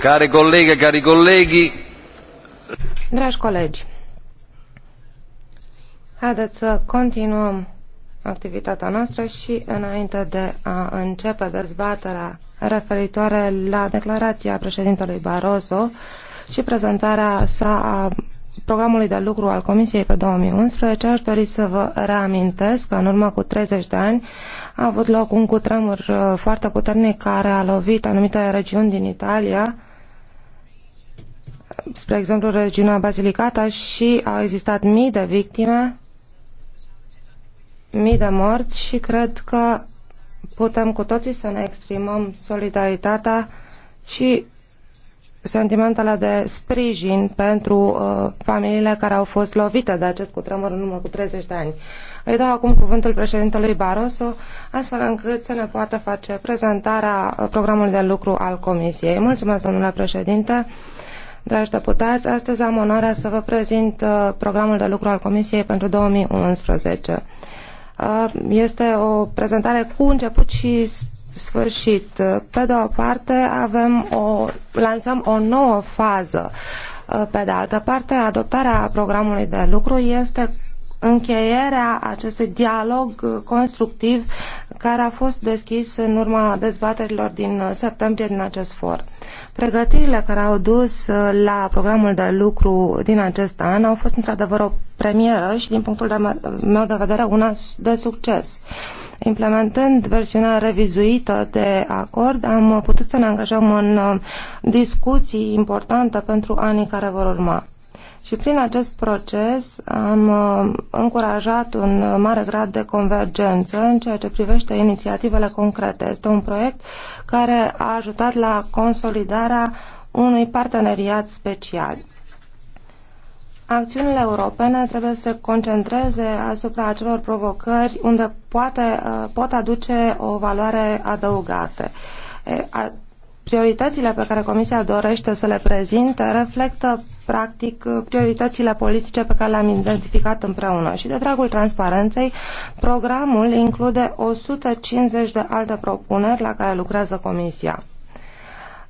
Care colleghe, cari colleghi. Dragi colegi, haideți să continuăm activitatea noastră și înainte de a începe dezbaterea referitoare la declarația președintelui Barroso și prezentarea sa a programului de lucru al Comisiei pe 2011, aș dori să vă reamintesc că în urmă cu 30 de ani a avut loc un cutremur uh, foarte puternic care a lovit anumite regiuni din Italia spre exemplu, regiunea Basilicata și au existat mii de victime, mii de morți și cred că putem cu toții să ne exprimăm solidaritatea și sentimentele de sprijin pentru uh, familiile care au fost lovite de acest cutremur în urmă cu 30 de ani. Îi dau acum cuvântul președintelui Barroso, astfel încât să ne poată face prezentarea programului de lucru al Comisiei. Mulțumesc, domnule președinte. Uh, Dragi deputați, astăzi am onoarea să vă prezint uh, programul de lucru al Comisiei pentru 2011. Uh, este o prezentare cu început și sfârșit. Uh, pe de o parte, avem o, lansăm o nouă fază. Pe de altă parte, adoptarea programului de lucru este încheierea acestui dialog constructiv care a fost deschis în urma dezbaterilor din septembrie din acest for. Pregătirile care au dus uh, la programul de lucru din acest an au fost într-adevăr o premieră și din punctul de meu de vedere una de succes. Implementând versiunea revizuită de acord, am putut să ne angajăm în uh, discuții importante pentru anii care vor urma. Și prin acest proces am uh, încurajat un uh, mare grad de convergență în ceea ce privește inițiativele concrete. Este un proiect care a ajutat la consolidarea unui parteneriat special. Acțiunile europene trebuie să se concentreze asupra acelor provocări unde poate, uh, pot aduce o valoare adăugată. Prioritățile pe care Comisia dorește să le prezinte reflectă practic prioritățile politice pe care le-am identificat împreună. Și de dragul transparenței, programul include 150 de alte propuneri la care lucrează Comisia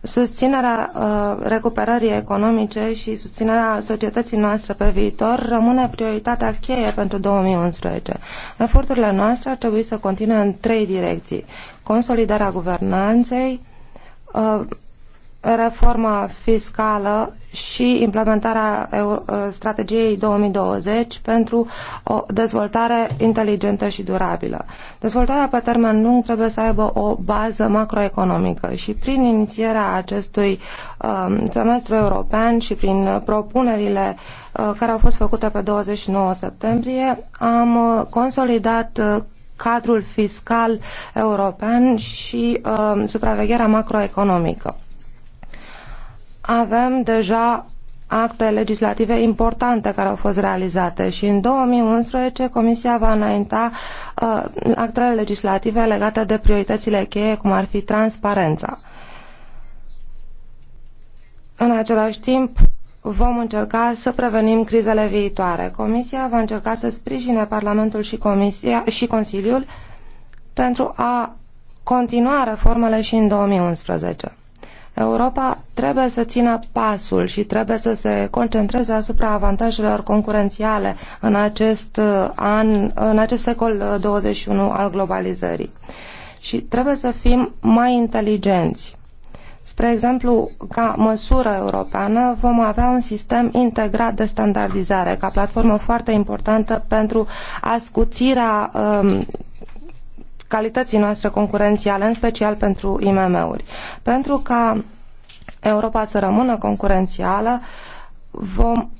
susținerea uh, recuperării economice și susținerea societății noastre pe viitor rămâne prioritatea cheie pentru 2011. Eforturile noastre ar trebui să continue în trei direcții. Consolidarea guvernanței, uh, reforma fiscală și implementarea ă, strategiei 2020 pentru o dezvoltare inteligentă și durabilă. Dezvoltarea pe termen lung trebuie să aibă o bază macroeconomică și prin inițierea acestui ă, semestru european și prin propunerile ă, care au fost făcute pe 29 septembrie am consolidat cadrul fiscal european și uh, supravegherea macroeconomică avem deja acte legislative importante care au fost realizate și în 2011 Comisia va înainta uh, actele legislative legate de prioritățile cheie, cum ar fi transparența. În același timp, vom încerca să prevenim crizele viitoare. Comisia va încerca să sprijine Parlamentul și, Comisia, și Consiliul pentru a continua reformele și în 2011. Europa trebuie să țină pasul și trebuie să se concentreze asupra avantajelor concurențiale în acest uh, an, în acest secol 21 uh, al globalizării. Și trebuie să fim mai inteligenți. Spre exemplu, ca măsură europeană vom avea un sistem integrat de standardizare, ca platformă foarte importantă pentru ascuțirea um, calității noastre concurențiale, în special pentru IMM-uri. Pentru ca Europa să rămână concurențială, vom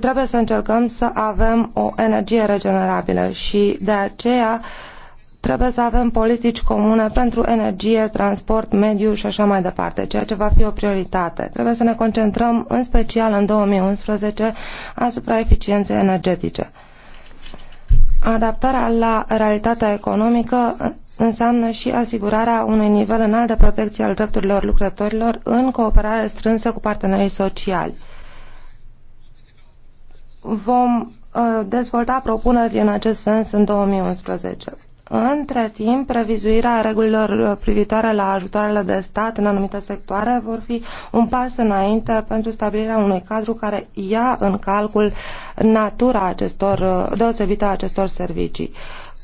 trebuie să încercăm să avem o energie regenerabilă și de aceea trebuie să avem politici comune pentru energie, transport, mediu și așa mai departe, ceea ce va fi o prioritate. Trebuie să ne concentrăm în special în 2011 asupra eficienței energetice. Adaptarea la realitatea economică înseamnă și asigurarea unui nivel înalt de protecție al drepturilor lucrătorilor în cooperare strânsă cu partenerii sociali. Vom uh, dezvolta propuneri în acest sens în 2011. Între timp, revizuirea regulilor uh, privitoare la ajutoarele de stat în anumite sectoare vor fi un pas înainte pentru stabilirea unui cadru care ia în calcul natura acestor, uh, deosebită a acestor servicii.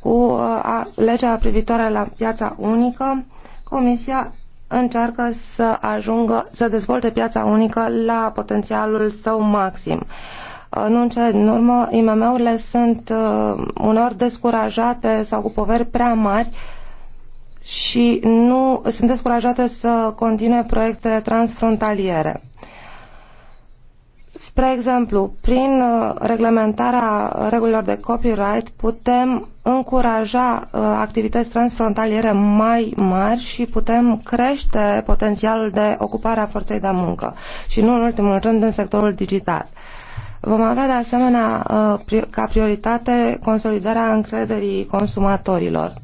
Cu uh, legea privitoare la piața unică, Comisia încearcă să ajungă să dezvolte piața unică la potențialul său maxim. Uh, Uh, nu în cele din urmă, IMM-urile sunt uh, uneori descurajate sau cu poveri prea mari și nu sunt descurajate să continue proiecte transfrontaliere. Spre exemplu, prin uh, reglementarea regulilor de copyright putem încuraja uh, activități transfrontaliere mai mari și putem crește potențialul de ocupare a forței de muncă și nu în ultimul rând în sectorul digital. Vom avea de asemenea uh, ca prioritate consolidarea încrederii consumatorilor,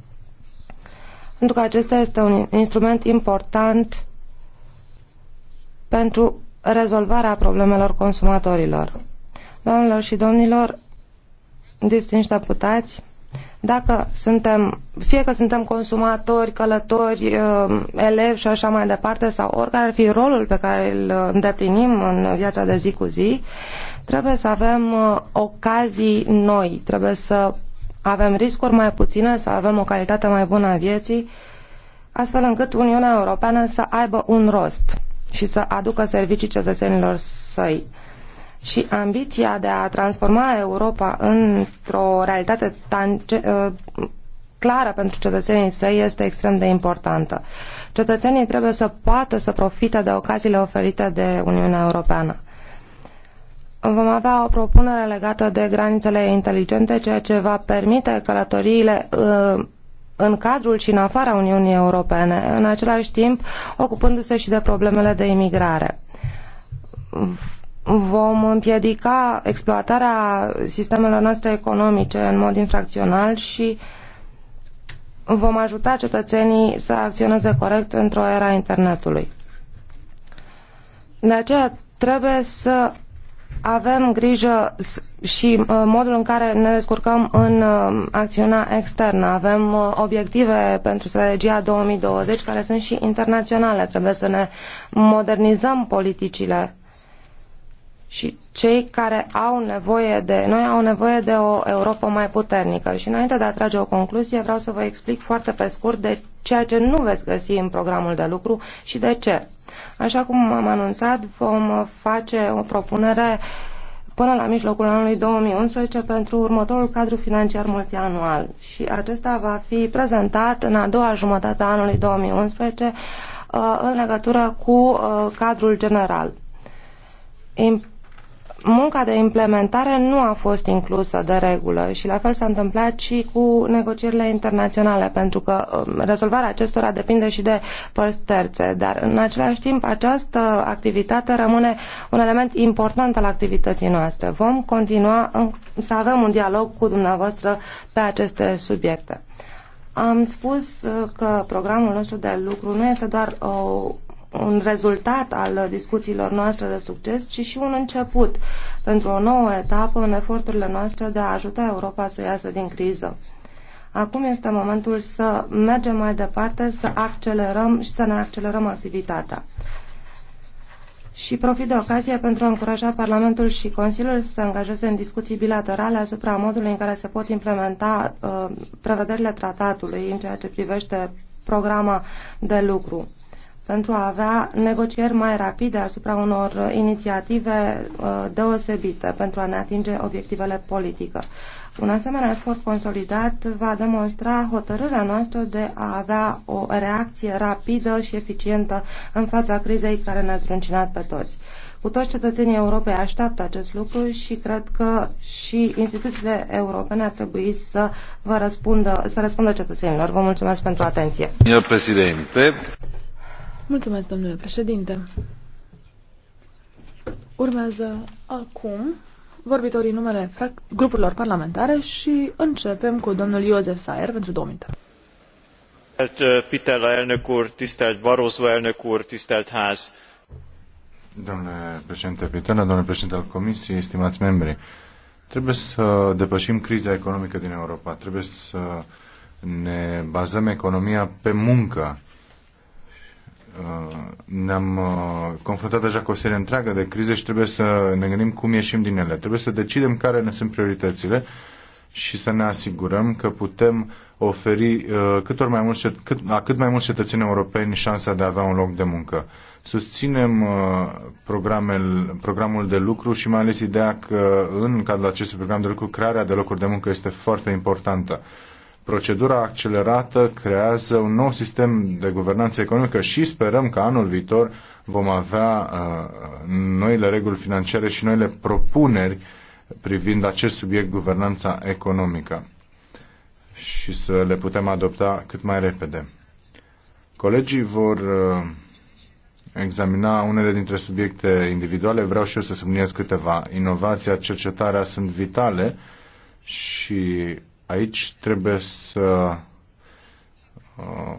pentru că acesta este un instrument important pentru rezolvarea problemelor consumatorilor. Doamnelor și domnilor, distinși deputați, dacă suntem, fie că suntem consumatori, călători, uh, elevi și așa mai departe, sau oricare ar fi rolul pe care îl îndeplinim în viața de zi cu zi, Trebuie să avem uh, ocazii noi, trebuie să avem riscuri mai puține, să avem o calitate mai bună a vieții, astfel încât Uniunea Europeană să aibă un rost și să aducă servicii cetățenilor săi. Și ambiția de a transforma Europa într-o realitate uh, clară pentru cetățenii săi este extrem de importantă. Cetățenii trebuie să poată să profite de ocaziile oferite de Uniunea Europeană vom avea o propunere legată de granițele inteligente, ceea ce va permite călătoriile uh, în cadrul și în afara Uniunii Europene, în același timp ocupându-se și de problemele de imigrare. Vom împiedica exploatarea sistemelor noastre economice în mod infracțional și vom ajuta cetățenii să acționeze corect într-o era internetului. De aceea trebuie să avem grijă și uh, modul în care ne descurcăm în uh, acțiunea externă. Avem uh, obiective pentru strategia 2020 care sunt și internaționale. Trebuie să ne modernizăm politicile și cei care au nevoie de noi au nevoie de o Europa mai puternică. Și înainte de a trage o concluzie, vreau să vă explic foarte pe scurt de ceea ce nu veți găsi în programul de lucru și de ce. Așa cum am anunțat, vom face o propunere până la mijlocul anului 2011 pentru următorul cadru financiar multianual și acesta va fi prezentat în a doua jumătate a anului 2011 uh, în legătură cu uh, cadrul general munca de implementare nu a fost inclusă de regulă și la fel s-a întâmplat și cu negocierile internaționale, pentru că um, rezolvarea acestora depinde și de părți terțe, dar în același timp această activitate rămâne un element important al activității noastre. Vom continua să avem un dialog cu dumneavoastră pe aceste subiecte. Am spus uh, că programul nostru de lucru nu este doar o un rezultat al discuțiilor noastre de succes, ci și un început pentru o nouă etapă în eforturile noastre de a ajuta Europa să iasă din criză. Acum este momentul să mergem mai departe, să accelerăm și să ne accelerăm activitatea. Și profit de ocazie pentru a încuraja Parlamentul și Consiliul să se angajeze în discuții bilaterale asupra modului în care se pot implementa uh, prevederile tratatului în ceea ce privește programa de lucru pentru a avea negocieri mai rapide asupra unor inițiative uh, deosebite pentru a ne atinge obiectivele politică. Un asemenea efort consolidat va demonstra hotărârea noastră de a avea o reacție rapidă și eficientă în fața crizei care ne-a zruncinat pe toți. Cu toți cetățenii Europei așteaptă acest lucru și cred că și instituțiile europene ar trebui să vă răspundă, să răspundă cetățenilor. Vă mulțumesc pentru atenție. Domnule președinte, Mulțumesc, domnule președinte. Urmează acum vorbitorii numele grupurilor parlamentare și începem cu domnul Iosef Saer pentru două minute. Tisztelt uh, Pitella elnök úr, tisztelt Barroso elnök úr, tisztelt ház! Domnule președinte Pitella, domnule președinte al Comisiei, estimați membri, trebuie să depășim criza economică din Europa, trebuie să ne bazăm economia pe muncă, Uh, ne-am uh, confruntat deja cu o serie întreagă de crize și trebuie să ne gândim cum ieșim din ele. Trebuie să decidem care ne sunt prioritățile și să ne asigurăm că putem oferi uh, cât, ori mai mulți, cât, a cât mai mulți cetățeni europeni șansa de a avea un loc de muncă. Susținem programel, programul de lucru și mai ales ideea că în cadrul acestui program de lucru crearea de locuri de muncă este foarte importantă Procedura accelerată creează un nou sistem de guvernanță economică și sperăm că anul viitor vom avea uh, noile reguli financiare și noile propuneri privind acest subiect, guvernanța economică, și să le putem adopta cât mai repede. Colegii vor uh, examina unele dintre subiecte individuale. Vreau și eu să subliniez câteva. Inovația, cercetarea sunt vitale și Aici trebuie să uh,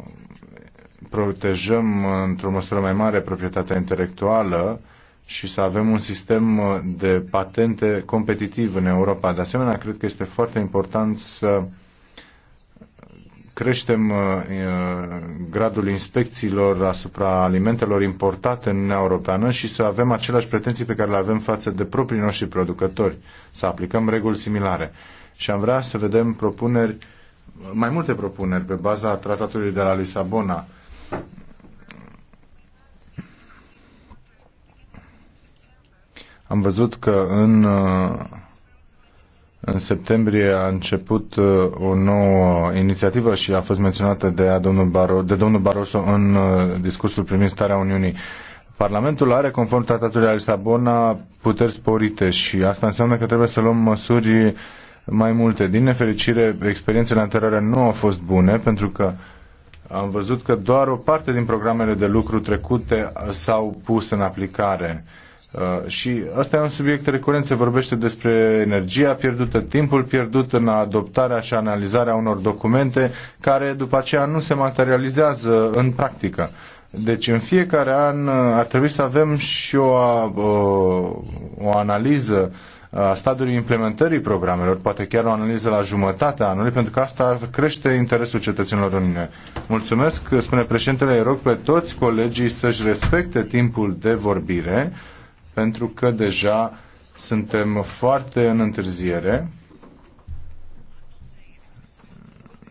protejăm într-o măsură mai mare proprietatea intelectuală și să avem un sistem de patente competitiv în Europa. De asemenea, cred că este foarte important să creștem uh, gradul inspecțiilor asupra alimentelor importate în Uniunea Europeană și să avem aceleași pretenții pe care le avem față de proprii noștri producători, să aplicăm reguli similare și am vrea să vedem propuneri, mai multe propuneri pe baza tratatului de la Lisabona. Am văzut că în, uh, în septembrie a început uh, o nouă inițiativă și a fost menționată de domnul, Baro, de domnul Barroso în uh, discursul primit Starea Uniunii. Parlamentul are, conform tratatului de la Lisabona, puteri sporite și asta înseamnă că trebuie să luăm măsuri mai multe. Din nefericire, experiențele anterioare nu au fost bune pentru că am văzut că doar o parte din programele de lucru trecute s-au pus în aplicare. Uh, și asta e un subiect recurent, se vorbește despre energia pierdută, timpul pierdut în adoptarea și analizarea unor documente care după aceea nu se materializează în practică. Deci în fiecare an uh, ar trebui să avem și o, o, uh, o analiză stadiul implementării programelor, poate chiar o analiză la jumătatea anului, pentru că asta ar crește interesul cetățenilor în Uniune. Mulțumesc, spune președintele, rog pe toți colegii să-și respecte timpul de vorbire, pentru că deja suntem foarte în întârziere.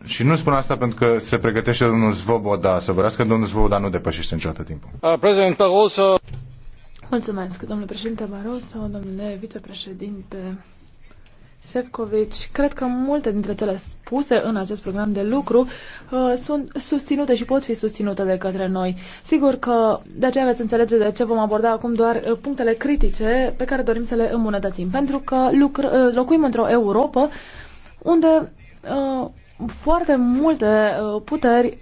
Și nu spun asta pentru că se pregătește domnul Svoboda să vorbească, domnul Svoboda nu depășește niciodată timpul. Uh, Mulțumesc, domnule președinte Barroso, domnule vicepreședinte Sefcovici. Cred că multe dintre cele spuse în acest program de lucru uh, sunt susținute și pot fi susținute de către noi. Sigur că de aceea veți înțelege de ce vom aborda acum doar uh, punctele critice pe care dorim să le îmbunătățim. Pentru că lucr- uh, locuim într-o Europa unde uh, foarte multe uh, puteri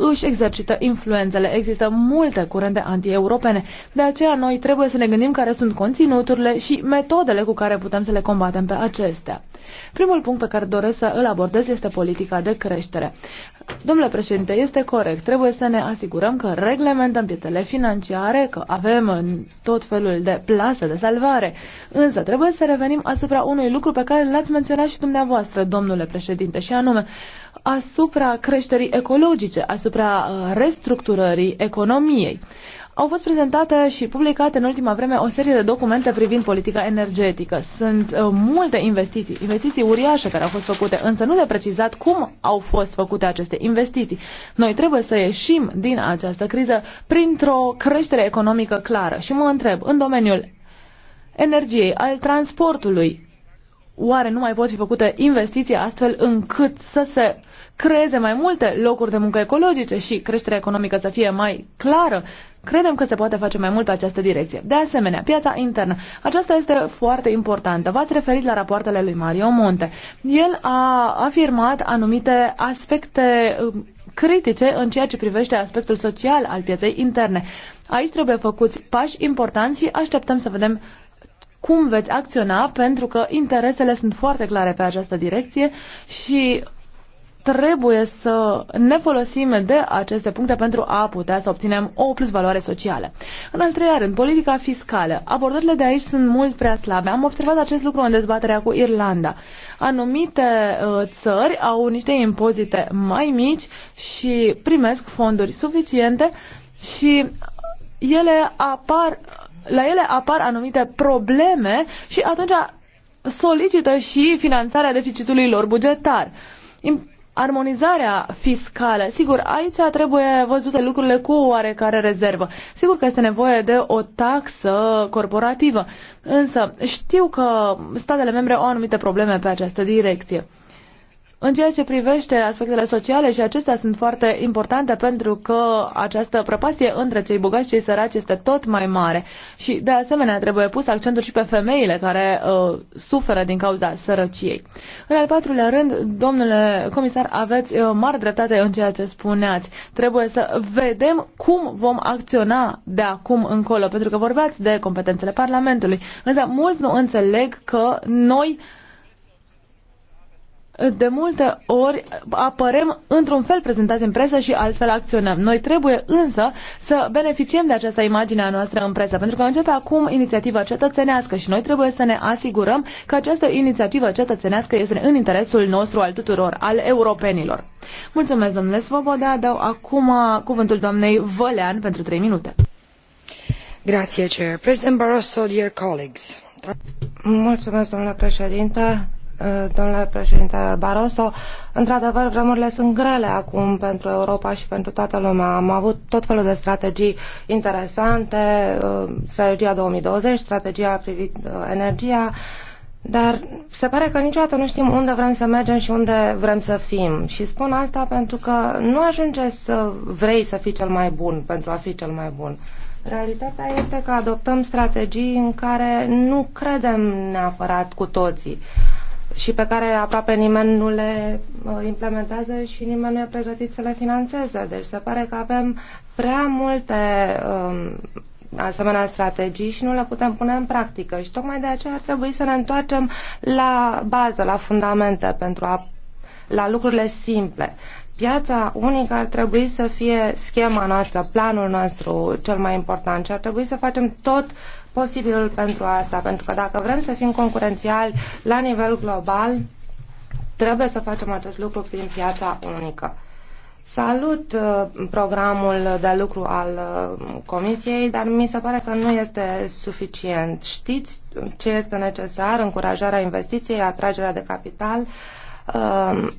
își exercită influențele. Există multe curente anti-europene. De aceea noi trebuie să ne gândim care sunt conținuturile și metodele cu care putem să le combatem pe acestea. Primul punct pe care doresc să îl abordez este politica de creștere. Domnule președinte, este corect. Trebuie să ne asigurăm că reglementăm piețele financiare, că avem tot felul de plase de salvare. Însă trebuie să revenim asupra unui lucru pe care l-ați menționat și dumneavoastră, domnule președinte, și anume asupra creșterii ecologice, asupra uh, restructurării economiei. Au fost prezentate și publicate în ultima vreme o serie de documente privind politica energetică. Sunt uh, multe investiții, investiții uriașe care au fost făcute, însă nu le precizat cum au fost făcute aceste investiții. Noi trebuie să ieșim din această criză printr-o creștere economică clară. Și mă întreb, în domeniul energiei, al transportului, oare nu mai pot fi făcute investiții astfel încât să se creeze mai multe locuri de muncă ecologice și creșterea economică să fie mai clară, credem că se poate face mai mult pe această direcție. De asemenea, piața internă. Aceasta este foarte importantă. V-ați referit la rapoartele lui Mario Monte. El a afirmat anumite aspecte um, critice în ceea ce privește aspectul social al pieței interne. Aici trebuie făcuți pași importanți și așteptăm să vedem cum veți acționa, pentru că interesele sunt foarte clare pe această direcție și trebuie să ne folosim de aceste puncte pentru a putea să obținem o plus valoare socială. În al treilea rând, politica fiscală. Abordările de aici sunt mult prea slabe. Am observat acest lucru în dezbaterea cu Irlanda. Anumite uh, țări au niște impozite mai mici și primesc fonduri suficiente și ele apar, la ele apar anumite probleme și atunci solicită și finanțarea deficitului lor bugetar armonizarea fiscală. Sigur, aici trebuie văzute lucrurile cu o oarecare rezervă. Sigur că este nevoie de o taxă corporativă, însă știu că statele membre au anumite probleme pe această direcție. În ceea ce privește aspectele sociale și acestea sunt foarte importante pentru că această prăpastie între cei bogați și cei săraci este tot mai mare și de asemenea trebuie pus accentul și pe femeile care uh, suferă din cauza sărăciei. În al patrulea rând, domnule comisar, aveți uh, mare dreptate în ceea ce spuneați. Trebuie să vedem cum vom acționa de acum încolo, pentru că vorbeați de competențele Parlamentului. Însă mulți nu înțeleg că noi uh, de multe ori apărem într-un fel prezentați în presă și altfel acționăm. Noi trebuie însă să beneficiem de această imagine a noastră în presă, pentru că începe acum inițiativa cetățenească și noi trebuie să ne asigurăm că această inițiativă cetățenească este în interesul nostru al tuturor, al europenilor. Mulțumesc, domnule Svoboda. Dau acum cuvântul doamnei Vălean pentru 3 minute. Grazie, Chair. President Barroso, dear colleagues. Mulțumesc, domnule președinte Eh, domnule președinte Barroso. Într-adevăr, vremurile sunt grele acum pentru Europa și pentru toată lumea. Am avut tot felul de strategii interesante, eh, strategia 2020, strategia privind eh, energia, dar se pare că niciodată nu știm unde vrem să mergem și unde vrem să fim. Și spun asta pentru că nu ajunge să vrei să fii cel mai bun pentru a fi cel mai bun. Realitatea este că adoptăm strategii în care nu credem neapărat cu toții. Uh, și pe care aproape nimeni nu le uh, implementează și nimeni nu e pregătit să le financeze. Deci se pare că avem prea multe um, asemenea strategii și nu le putem pune în practică. Și tocmai de aceea ar trebui să ne întoarcem la bază, la fundamente, pentru a, la lucrurile simple. Piața unică ar trebui să fie schema noastră, planul nostru cel mai important și ar trebui să facem tot posibilul pentru asta, pentru că dacă vrem să fim concurențiali la nivel global, trebuie să facem acest lucru prin piața unică. Salut uh, programul de lucru al uh, Comisiei, dar mi se pare că nu este suficient. Știți ce este necesar? Încurajarea investiției, atragerea de capital, uh,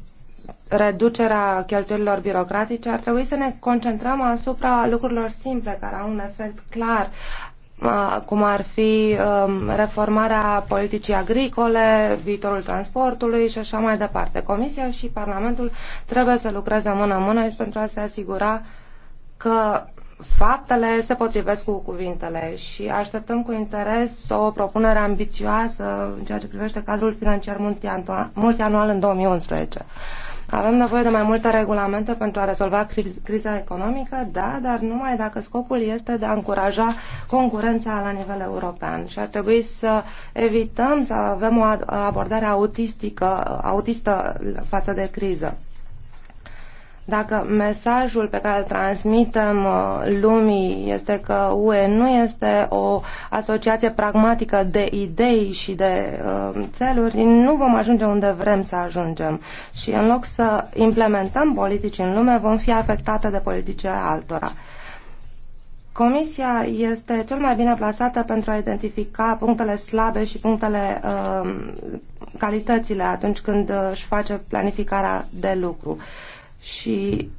reducerea cheltuielilor birocratice, ar trebui să ne concentrăm asupra lucrurilor simple care au un efect clar cum ar fi um, reformarea politicii agricole, viitorul transportului și așa mai departe. Comisia și Parlamentul trebuie să lucreze mână-mână pentru a se asigura că faptele se potrivesc cu cuvintele și așteptăm cu interes o propunere ambițioasă în ceea ce privește cadrul financiar multianual în 2011. Avem nevoie de mai multe regulamente pentru a rezolva criza economică, da, dar numai dacă scopul este de a încuraja concurența la nivel european. Și ar trebui să evităm să avem o abordare autistică, autistă față de criză. Dacă mesajul pe care îl transmitem uh, lumii este că UE nu este o asociație pragmatică de idei și de uh, țeluri, nu vom ajunge unde vrem să ajungem. Și în loc să implementăm politici în lume, vom fi afectate de politice altora. Comisia este cel mai bine plasată pentru a identifica punctele slabe și punctele uh, calitățile atunci când uh, își face planificarea de lucru și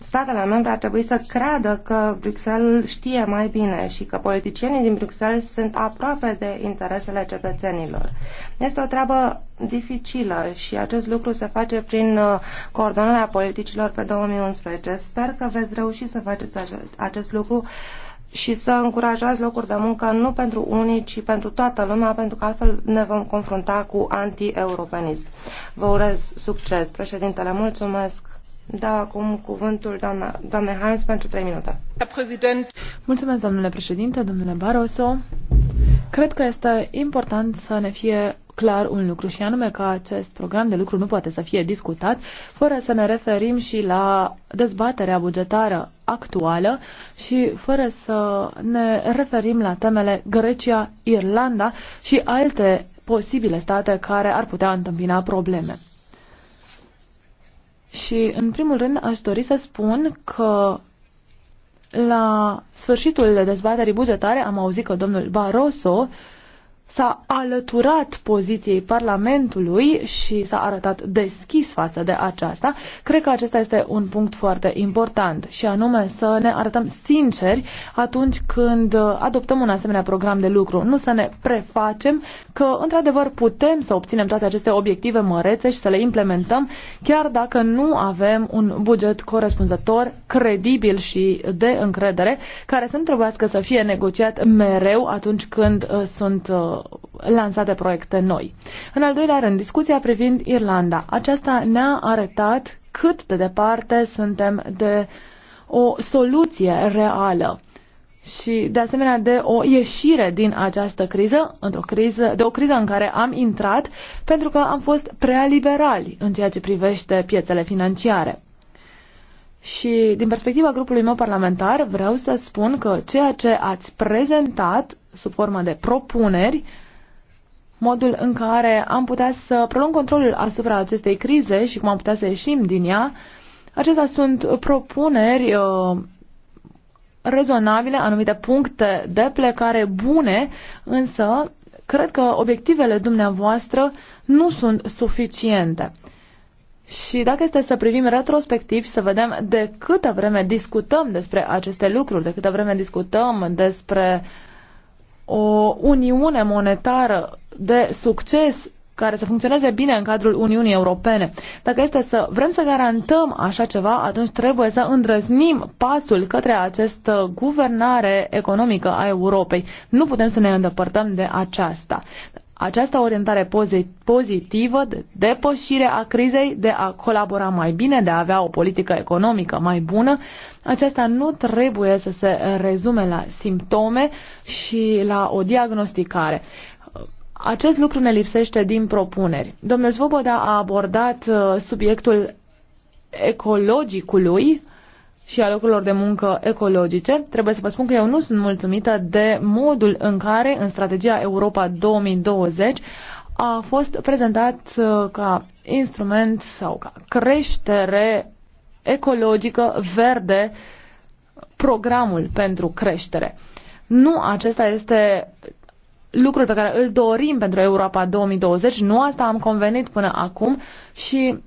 statele membre ar trebui să creadă că Bruxelles știe mai bine și că politicienii din Bruxelles sunt aproape de interesele cetățenilor. Este o treabă dificilă și acest lucru se face prin uh, coordonarea politicilor pe 2011. Sper că veți reuși să faceți acest lucru și să încurajați locuri de muncă nu pentru unii, ci pentru toată lumea, pentru că altfel ne vom confrunta cu anti-europenism. Vă urez succes, președintele. Mulțumesc! Da, cuvântul Hans pentru minute. Mulțumesc, domnule președinte, domnule Barroso. Cred că este important să ne fie clar un lucru și anume că acest program de lucru nu poate să fie discutat fără să ne referim și la dezbaterea bugetară actuală și fără să ne referim la temele Grecia, Irlanda și alte posibile state care ar putea întâmpina probleme. Și, în primul rând, aș dori să spun că la sfârșitul dezbaterii bugetare am auzit că domnul Barroso s-a alăturat poziției Parlamentului și s-a arătat deschis față de aceasta, cred că acesta este un punct foarte important și anume să ne arătăm sinceri atunci când adoptăm un asemenea program de lucru, nu să ne prefacem că într-adevăr putem să obținem toate aceste obiective mărețe și să le implementăm chiar dacă nu avem un buget corespunzător, credibil și de încredere, care să nu trebuiască să fie negociat mereu atunci când uh, sunt uh, lansate proiecte noi. În al doilea rând, discuția privind Irlanda. Aceasta ne-a arătat cât de departe suntem de o soluție reală și de asemenea de o ieșire din această criză, într-o criză, de o criză în care am intrat pentru că am fost prea liberali în ceea ce privește piețele financiare. Și din perspectiva grupului meu parlamentar vreau să spun că ceea ce ați prezentat sub formă de propuneri, modul în care am putea să preluăm controlul asupra acestei crize și cum am putea să ieșim din ea, acestea sunt propuneri uh, rezonabile, anumite puncte de plecare bune, însă cred că obiectivele dumneavoastră nu sunt suficiente. Și dacă este să privim retrospectiv și să vedem de câtă vreme discutăm despre aceste lucruri, de câtă vreme discutăm despre o uniune monetară de succes care să funcționeze bine în cadrul Uniunii Europene. Dacă este să vrem să garantăm așa ceva, atunci trebuie să îndrăznim pasul către această guvernare economică a Europei. Nu putem să ne îndepărtăm de aceasta această orientare pozitivă de depășire a crizei, de a colabora mai bine, de a avea o politică economică mai bună, aceasta nu trebuie să se rezume la simptome și la o diagnosticare. Acest lucru ne lipsește din propuneri. Domnul Svoboda a abordat uh, subiectul ecologicului și a locurilor de muncă ecologice, trebuie să vă spun că eu nu sunt mulțumită de modul în care în strategia Europa 2020 a fost prezentat uh, ca instrument sau ca creștere ecologică verde programul pentru creștere. Nu acesta este lucrul pe care îl dorim pentru Europa 2020, nu asta am convenit până acum și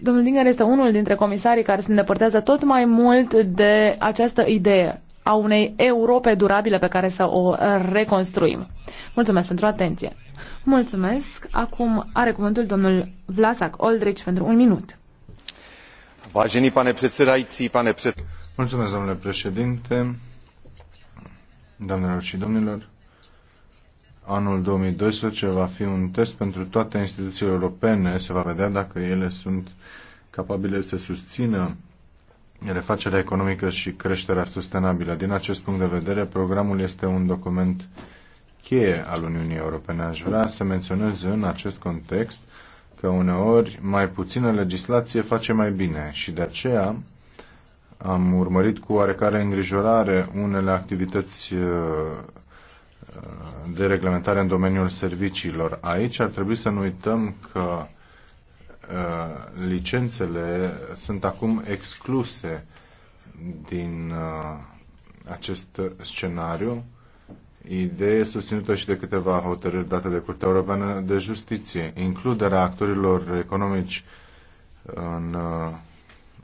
Domnul Dinger este unul dintre comisarii care se îndepărtează tot mai mult de această idee a unei Europe durabile pe care să o reconstruim. Mulțumesc pentru atenție. Mulțumesc. Acum are cuvântul domnul Vlasac Oldrich pentru un minut. Vážený pane předsedající, pane před... Mulțumesc, domnule președinte, doamnelor și domnilor anul 2012 va fi un test pentru toate instituțiile europene. Se va vedea dacă ele sunt capabile să susțină refacerea economică și creșterea sustenabilă. Din acest punct de vedere, programul este un document cheie al Uniunii Europene. Aș vrea să menționez în acest context că uneori mai puțină legislație face mai bine și de aceea am urmărit cu oarecare îngrijorare unele activități uh, de reglementare în domeniul serviciilor. Aici ar trebui să nu uităm că uh, licențele sunt acum excluse din uh, acest scenariu. Idee susținută și de câteva hotărâri date de Curtea Europeană de Justiție. Includerea actorilor economici în uh,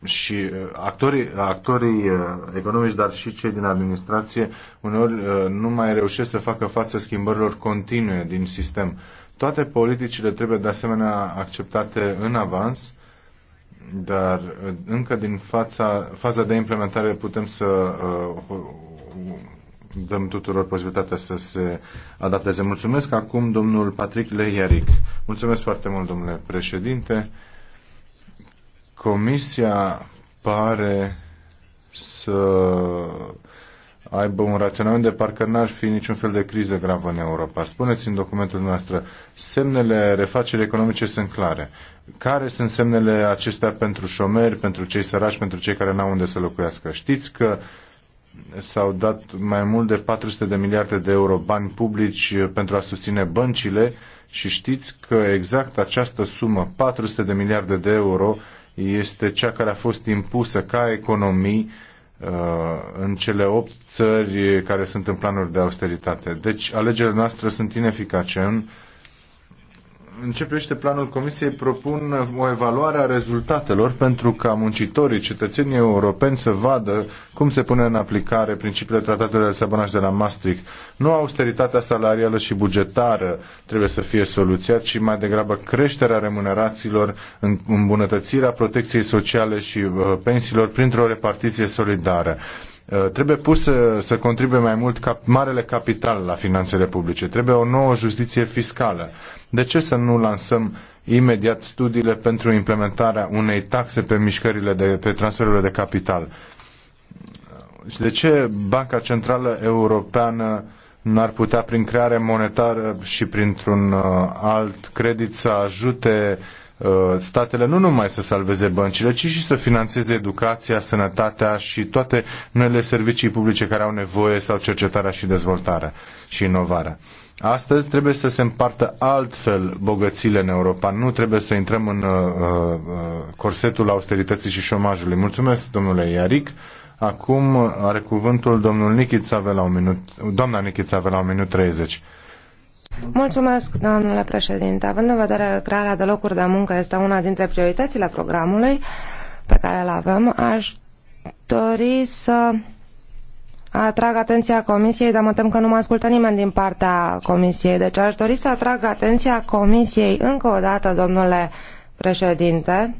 și uh, actorii, actorii uh, economici, dar și cei din administrație, uneori uh, nu mai reușesc să facă față schimbărilor continue din sistem. Toate politicile trebuie de asemenea acceptate în avans, dar încă din fața, faza de implementare putem să uh, dăm tuturor posibilitatea să se adapteze. Mulțumesc acum domnul Patrick Lehiaric. Mulțumesc foarte mult, domnule președinte. Comisia pare să aibă un raționament de parcă n-ar fi niciun fel de criză gravă în Europa. Spuneți în documentul noastră, semnele refacerii economice sunt clare. Care sunt semnele acestea pentru șomeri, pentru cei săraci, pentru cei care n-au unde să locuiască? Știți că s-au dat mai mult de 400 de miliarde de euro bani publici pentru a susține băncile și știți că exact această sumă, 400 de miliarde de euro, este cea care a fost impusă ca economii uh, în cele opt țări care sunt în planuri de austeritate. Deci alegerile noastre sunt ineficace. În în ce privește planul Comisiei, propun o evaluare a rezultatelor pentru ca muncitorii, cetățenii europeni să vadă cum se pune în aplicare principiile tratatului de Lisabona și de la Maastricht. Nu austeritatea salarială și bugetară trebuie să fie soluția, ci mai degrabă creșterea remunerațiilor, îmbunătățirea protecției sociale și uh, pensiilor printr-o repartiție solidară. Uh, trebuie pus să, uh, să contribuie mai mult cap, marele capital la finanțele publice. Trebuie o nouă justiție fiscală. De ce să nu lansăm imediat studiile pentru implementarea unei taxe pe mișcările de, pe transferurile de capital? Uh, și de ce Banca Centrală Europeană n-ar putea prin creare monetară și printr-un alt credit să ajute uh, Uh, statele nu numai să salveze băncile, ci și să finanțeze educația, sănătatea și toate noile servicii publice care au nevoie sau cercetarea și dezvoltarea și inovarea. Astăzi trebuie să se împartă altfel bogățiile în Europa. Nu trebuie să intrăm în uh, uh, corsetul austerității și șomajului. Mulțumesc, domnule Iaric. Acum are cuvântul domnul Nichit Savela, un minut, doamna Nichit Savela, un minut 30. Mulțumesc, domnule președinte. Având în vedere că crearea de locuri de muncă este una dintre prioritățile programului pe care îl avem, aș dori să atrag atenția Comisiei, dar mă tem că nu mă ascultă nimeni din partea Comisiei. Deci aș dori să atrag atenția Comisiei încă o dată, domnule președinte,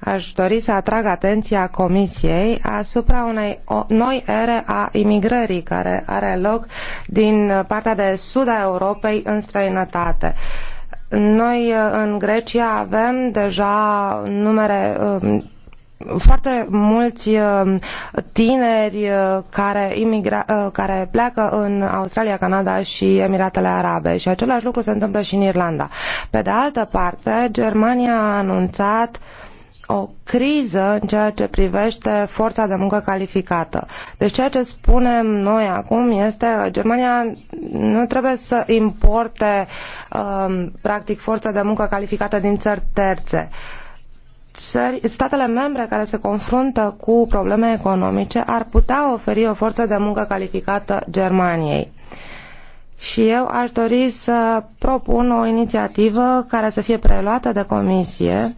aș dori să atrag atenția Comisiei asupra unei noi ere a imigrării care are loc din partea de sud a Europei în străinătate. Noi uh, în Grecia avem deja numere um, foarte mulți uh, tineri uh, care, imigra, care pleacă în Australia, Canada și Emiratele Arabe și același lucru se întâmplă și în Irlanda. Pe de altă parte, Germania a anunțat uh, o criză în ceea ce privește forța de muncă calificată. Deci ceea ce spunem noi acum este că Germania nu trebuie să importe um, practic forța de muncă calificată din țări terțe. Țări, statele membre care se confruntă cu probleme economice ar putea oferi o forță de muncă calificată Germaniei. Și eu aș dori să propun o inițiativă care să fie preluată de Comisie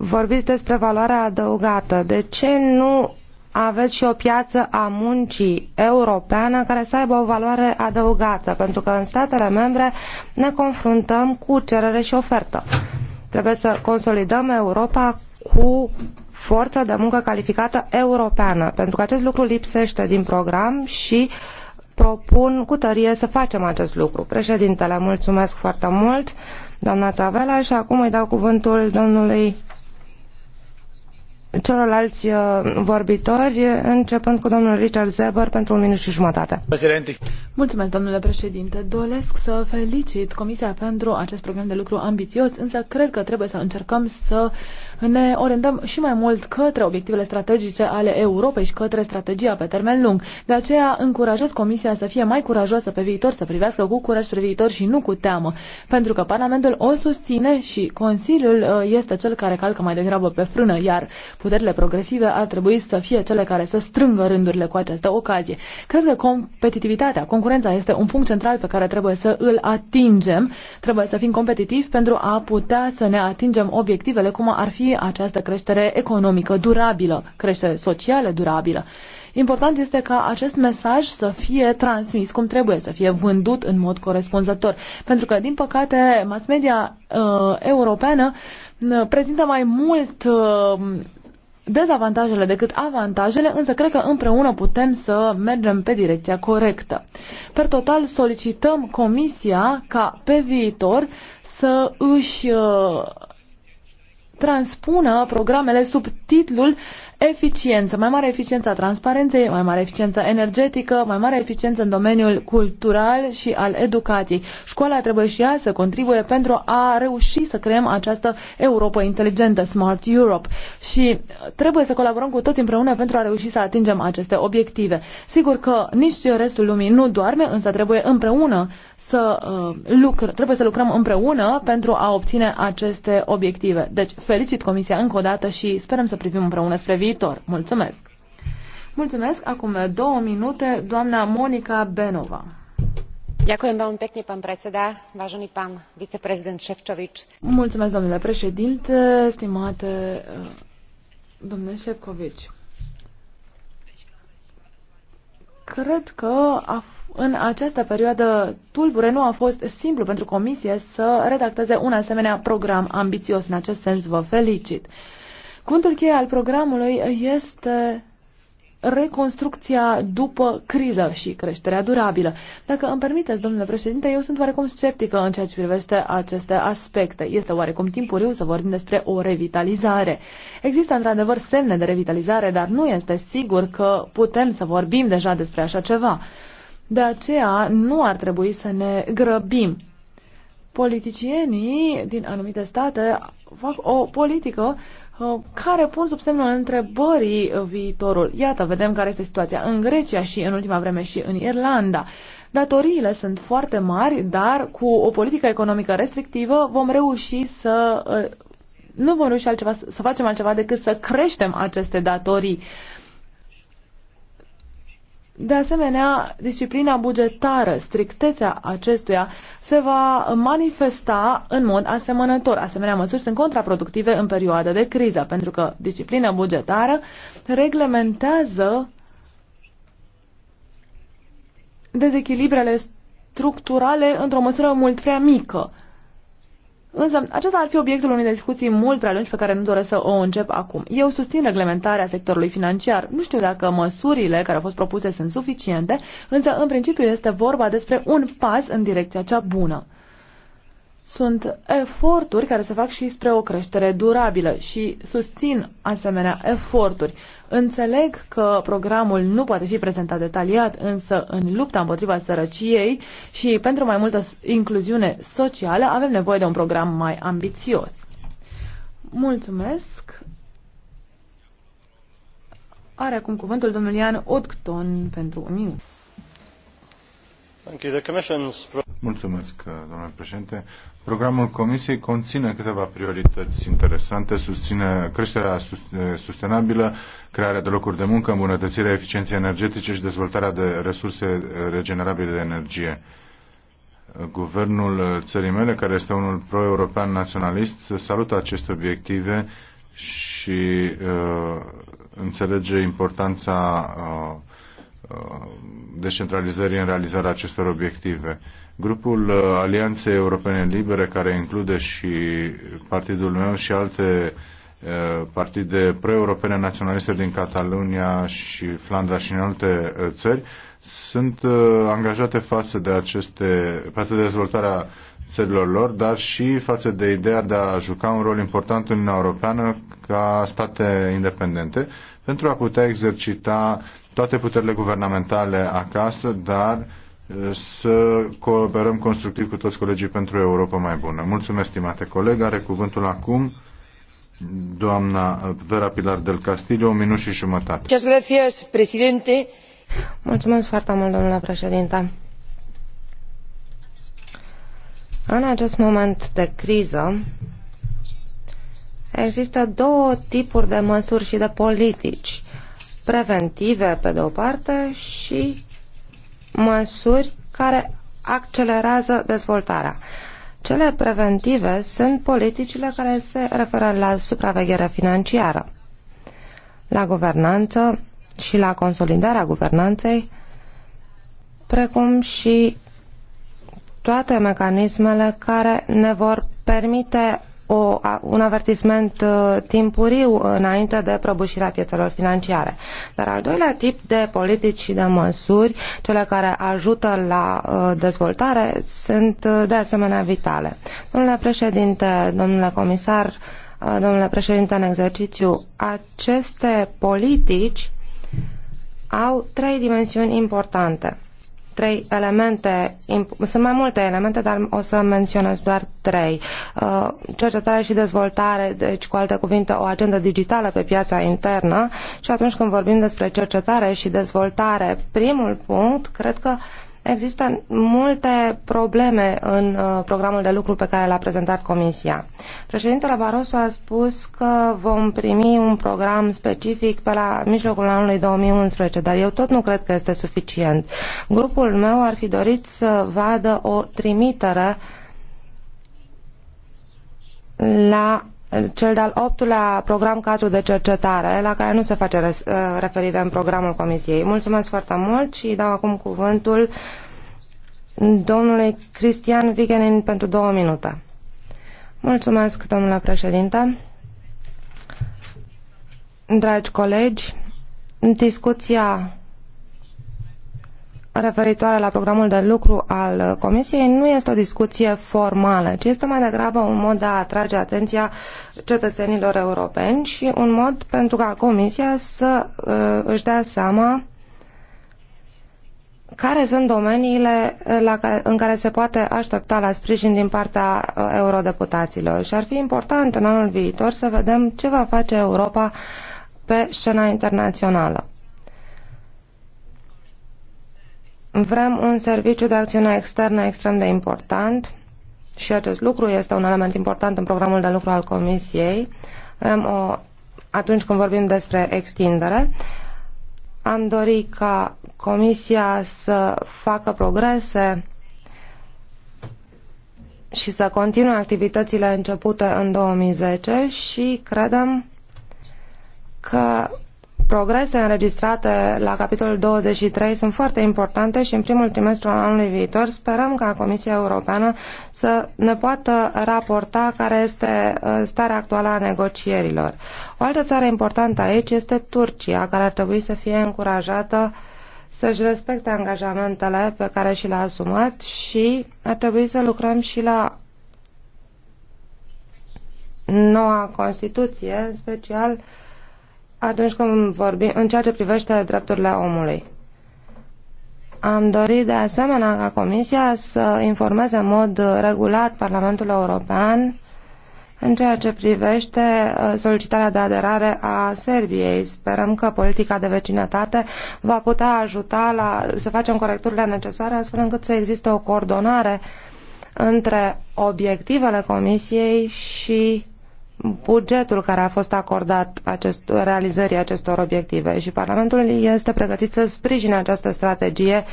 Vorbiți despre valoarea adăugată. De ce nu aveți și o piață a muncii europeană care să aibă o valoare adăugată? Pentru că în statele membre ne confruntăm cu cerere și ofertă. Trebuie să consolidăm Europa cu forță de muncă calificată europeană, pentru că acest lucru lipsește din program și propun cu tărie să facem acest lucru. Președintele, mulțumesc foarte mult, doamna Țavela, și acum îi dau cuvântul domnului celorlalți uh, vorbitori, începând cu domnul Richard Zeber pentru un minut și jumătate. Presidente. Mulțumesc, domnule președinte. Doresc să felicit Comisia pentru acest program de lucru ambițios, însă cred că trebuie să încercăm să ne orientăm și mai mult către obiectivele strategice ale Europei și către strategia pe termen lung. De aceea încurajez Comisia să fie mai curajoasă pe viitor, să privească cu curaj spre viitor și nu cu teamă, pentru că Parlamentul o susține și Consiliul uh, este cel care calcă mai degrabă pe frână, iar puterile progresive ar trebui să fie cele care să strângă rândurile cu această ocazie. Cred că competitivitatea, concurența este un punct central pe care trebuie să îl atingem. Trebuie să fim competitivi pentru a putea să ne atingem obiectivele cum ar fi această creștere economică durabilă, creștere socială durabilă. Important este ca acest mesaj să fie transmis cum trebuie, să fie vândut în mod corespunzător. Pentru că, din păcate, mass media uh, europeană uh, prezintă mai mult uh, dezavantajele decât avantajele, însă cred că împreună putem să mergem pe direcția corectă. Per total, solicităm Comisia ca pe viitor să își uh, transpună programele sub titlul uh, eficiență, mai mare eficiență a transparenței, mai mare eficiență energetică, mai mare eficiență în domeniul cultural și al educației. Școala trebuie și ea să contribuie pentru a reuși să creăm această Europa inteligentă, Smart Europe. Și trebuie să colaborăm cu toți împreună pentru a reuși să atingem aceste obiective. Sigur că nici restul lumii nu doarme, însă trebuie împreună să uh, lucr- trebuie să lucrăm împreună pentru a obține aceste obiective. Deci felicit Comisia încă o dată și sperăm să privim împreună spre viitor viitor. Mulțumesc! Mulțumesc! Acum două minute, doamna Monica Benova. Ďakujem veľmi pekne, pán predseda, vážený pán viceprezident Ševčovič. Mulțumesc, domnule președinte, stimate uh, domnule Șefcovici. Cred că a în această perioadă tulbure nu a fost simplu pentru comisie să redacteze un asemenea program ambițios. În acest sens vă felicit. Cuvântul cheie al programului este reconstrucția după criză și creșterea durabilă. Dacă îmi permiteți, domnule președinte, eu sunt oarecum sceptică în ceea ce privește aceste aspecte. Este oarecum timpuriu să vorbim despre o revitalizare. Există într-adevăr semne de revitalizare, dar nu este sigur că putem să vorbim deja despre așa ceva. De aceea nu ar trebui să ne grăbim. Politicienii din anumite state fac o politică Uh, care pun sub semnul întrebării uh, viitorul. Iată, vedem care este situația în Grecia și în ultima vreme și în Irlanda. Datoriile sunt foarte mari, dar cu o politică economică restrictivă vom reuși să uh, nu vom reuși altceva, să facem altceva decât să creștem aceste datorii. De asemenea, disciplina bugetară, strictețea acestuia, se va manifesta în mod asemănător. Asemenea, măsuri sunt contraproductive în perioada de criză, pentru că disciplina bugetară reglementează dezechilibrele structurale într-o măsură mult prea mică. Însă, acesta ar fi obiectul unei discuții mult prea lungi pe care nu doresc să o încep acum. Eu susțin reglementarea sectorului financiar. Nu știu dacă măsurile care au fost propuse sunt suficiente, însă, în principiu, este vorba despre un pas în direcția cea bună. Sunt eforturi care se fac și spre o creștere durabilă și susțin asemenea eforturi. Înțeleg că programul nu poate fi prezentat detaliat, însă în lupta împotriva sărăciei și pentru mai multă incluziune socială avem nevoie de un program mai ambițios. Mulțumesc! Are acum cuvântul domnul Ian Odcton pentru un minut. Mulțumesc, domnule președinte. Programul Comisiei conține câteva priorități interesante, susține creșterea sustenabilă, crearea de locuri de muncă, îmbunătățirea eficienței energetice și dezvoltarea de resurse regenerabile de energie. Guvernul țării mele, care este unul pro-european naționalist, salută aceste obiective și uh, înțelege importanța uh, uh, decentralizării în realizarea acestor obiective. Grupul uh, Alianței Europene Libere, care include și partidul meu și alte uh, partide pro-europene naționaliste din Catalunia și Flandra și în alte uh, țări, sunt angajate față de aceste, față de dezvoltarea țărilor lor, dar și față de ideea de a juca un rol important în Uniunea Europeană ca state independente, pentru a putea exercita toate puterile guvernamentale acasă, dar uh, să cooperăm constructiv cu toți colegii pentru o Europa mai bună. Mulțumesc, stimate coleg. Are cuvântul acum doamna Vera Pilar del Castillo, un minut și jumătate. Muchas gracias, presidente. Mulțumesc foarte mult, domnule președinte. În acest moment de criză, există două tipuri de măsuri și de politici. Preventive, pe de o parte, și măsuri care accelerează dezvoltarea. Cele preventive sunt politicile care se referă la supraveghere financiară, la guvernanță și la consolidarea guvernanței, precum și toate mecanismele care ne vor permite o, un avertisment uh, timpuriu înainte de prăbușirea piețelor financiare. Dar al doilea tip de politici și de măsuri, cele care ajută la uh, dezvoltare, sunt uh, de asemenea vitale. Domnule președinte, domnule comisar, domnule președinte în exercițiu, aceste politici au trei dimensiuni importante trei elemente, sunt mai multe elemente, dar o să menționez doar trei. Uh, cercetare și dezvoltare, deci cu alte cuvinte o agendă digitală pe piața internă și atunci când vorbim despre cercetare și dezvoltare, primul punct, cred că Există multe probleme în uh, programul de lucru pe care l-a prezentat Comisia. Președintele Barroso a spus că vom primi un program specific pe la mijlocul anului 2011, dar eu tot nu cred că este suficient. Grupul meu ar fi dorit să vadă o trimitere la cel de-al optulea program cadru de cercetare, la care nu se face uh, referire în programul Comisiei. Mulțumesc foarte mult și dau acum cuvântul domnului Cristian Vigenin pentru două minute. Mulțumesc, domnule președinte. Dragi colegi, discuția referitoare la programul de lucru al uh, Comisiei nu este o discuție formală, ci este mai degrabă un mod de a atrage atenția cetățenilor europeni și un mod pentru ca Comisia să uh, își dea seama care sunt domeniile uh, la care, în care se poate aștepta la sprijin din partea uh, eurodeputaților. Și ar fi important în anul viitor să vedem ce va face Europa pe scena internațională. Vrem un serviciu de acțiune externă extrem de important și acest lucru este un element important în programul de lucru al Comisiei. Vrem o, atunci când vorbim despre extindere, am dorit ca Comisia să facă progrese și să continue activitățile începute în 2010 și credem că progrese înregistrate la capitolul 23 sunt foarte importante și în primul trimestru al anului viitor sperăm ca Comisia Europeană să ne poată raporta care este uh, starea actuală a negocierilor. O altă țară importantă aici este Turcia, care ar trebui să fie încurajată să-și respecte angajamentele pe care și le-a asumat și ar trebui să lucrăm și la noua Constituție, în special atunci când vorbim în ceea ce privește drepturile omului. Am dorit de asemenea ca Comisia să informeze în mod regulat Parlamentul European în ceea ce privește uh, solicitarea de aderare a Serbiei. Sperăm că politica de vecinătate va putea ajuta la, să facem corecturile necesare astfel încât să existe o coordonare între obiectivele Comisiei și bugetul care a fost acordat acest, realizării acestor obiective și Parlamentul este pregătit să sprijine această strategie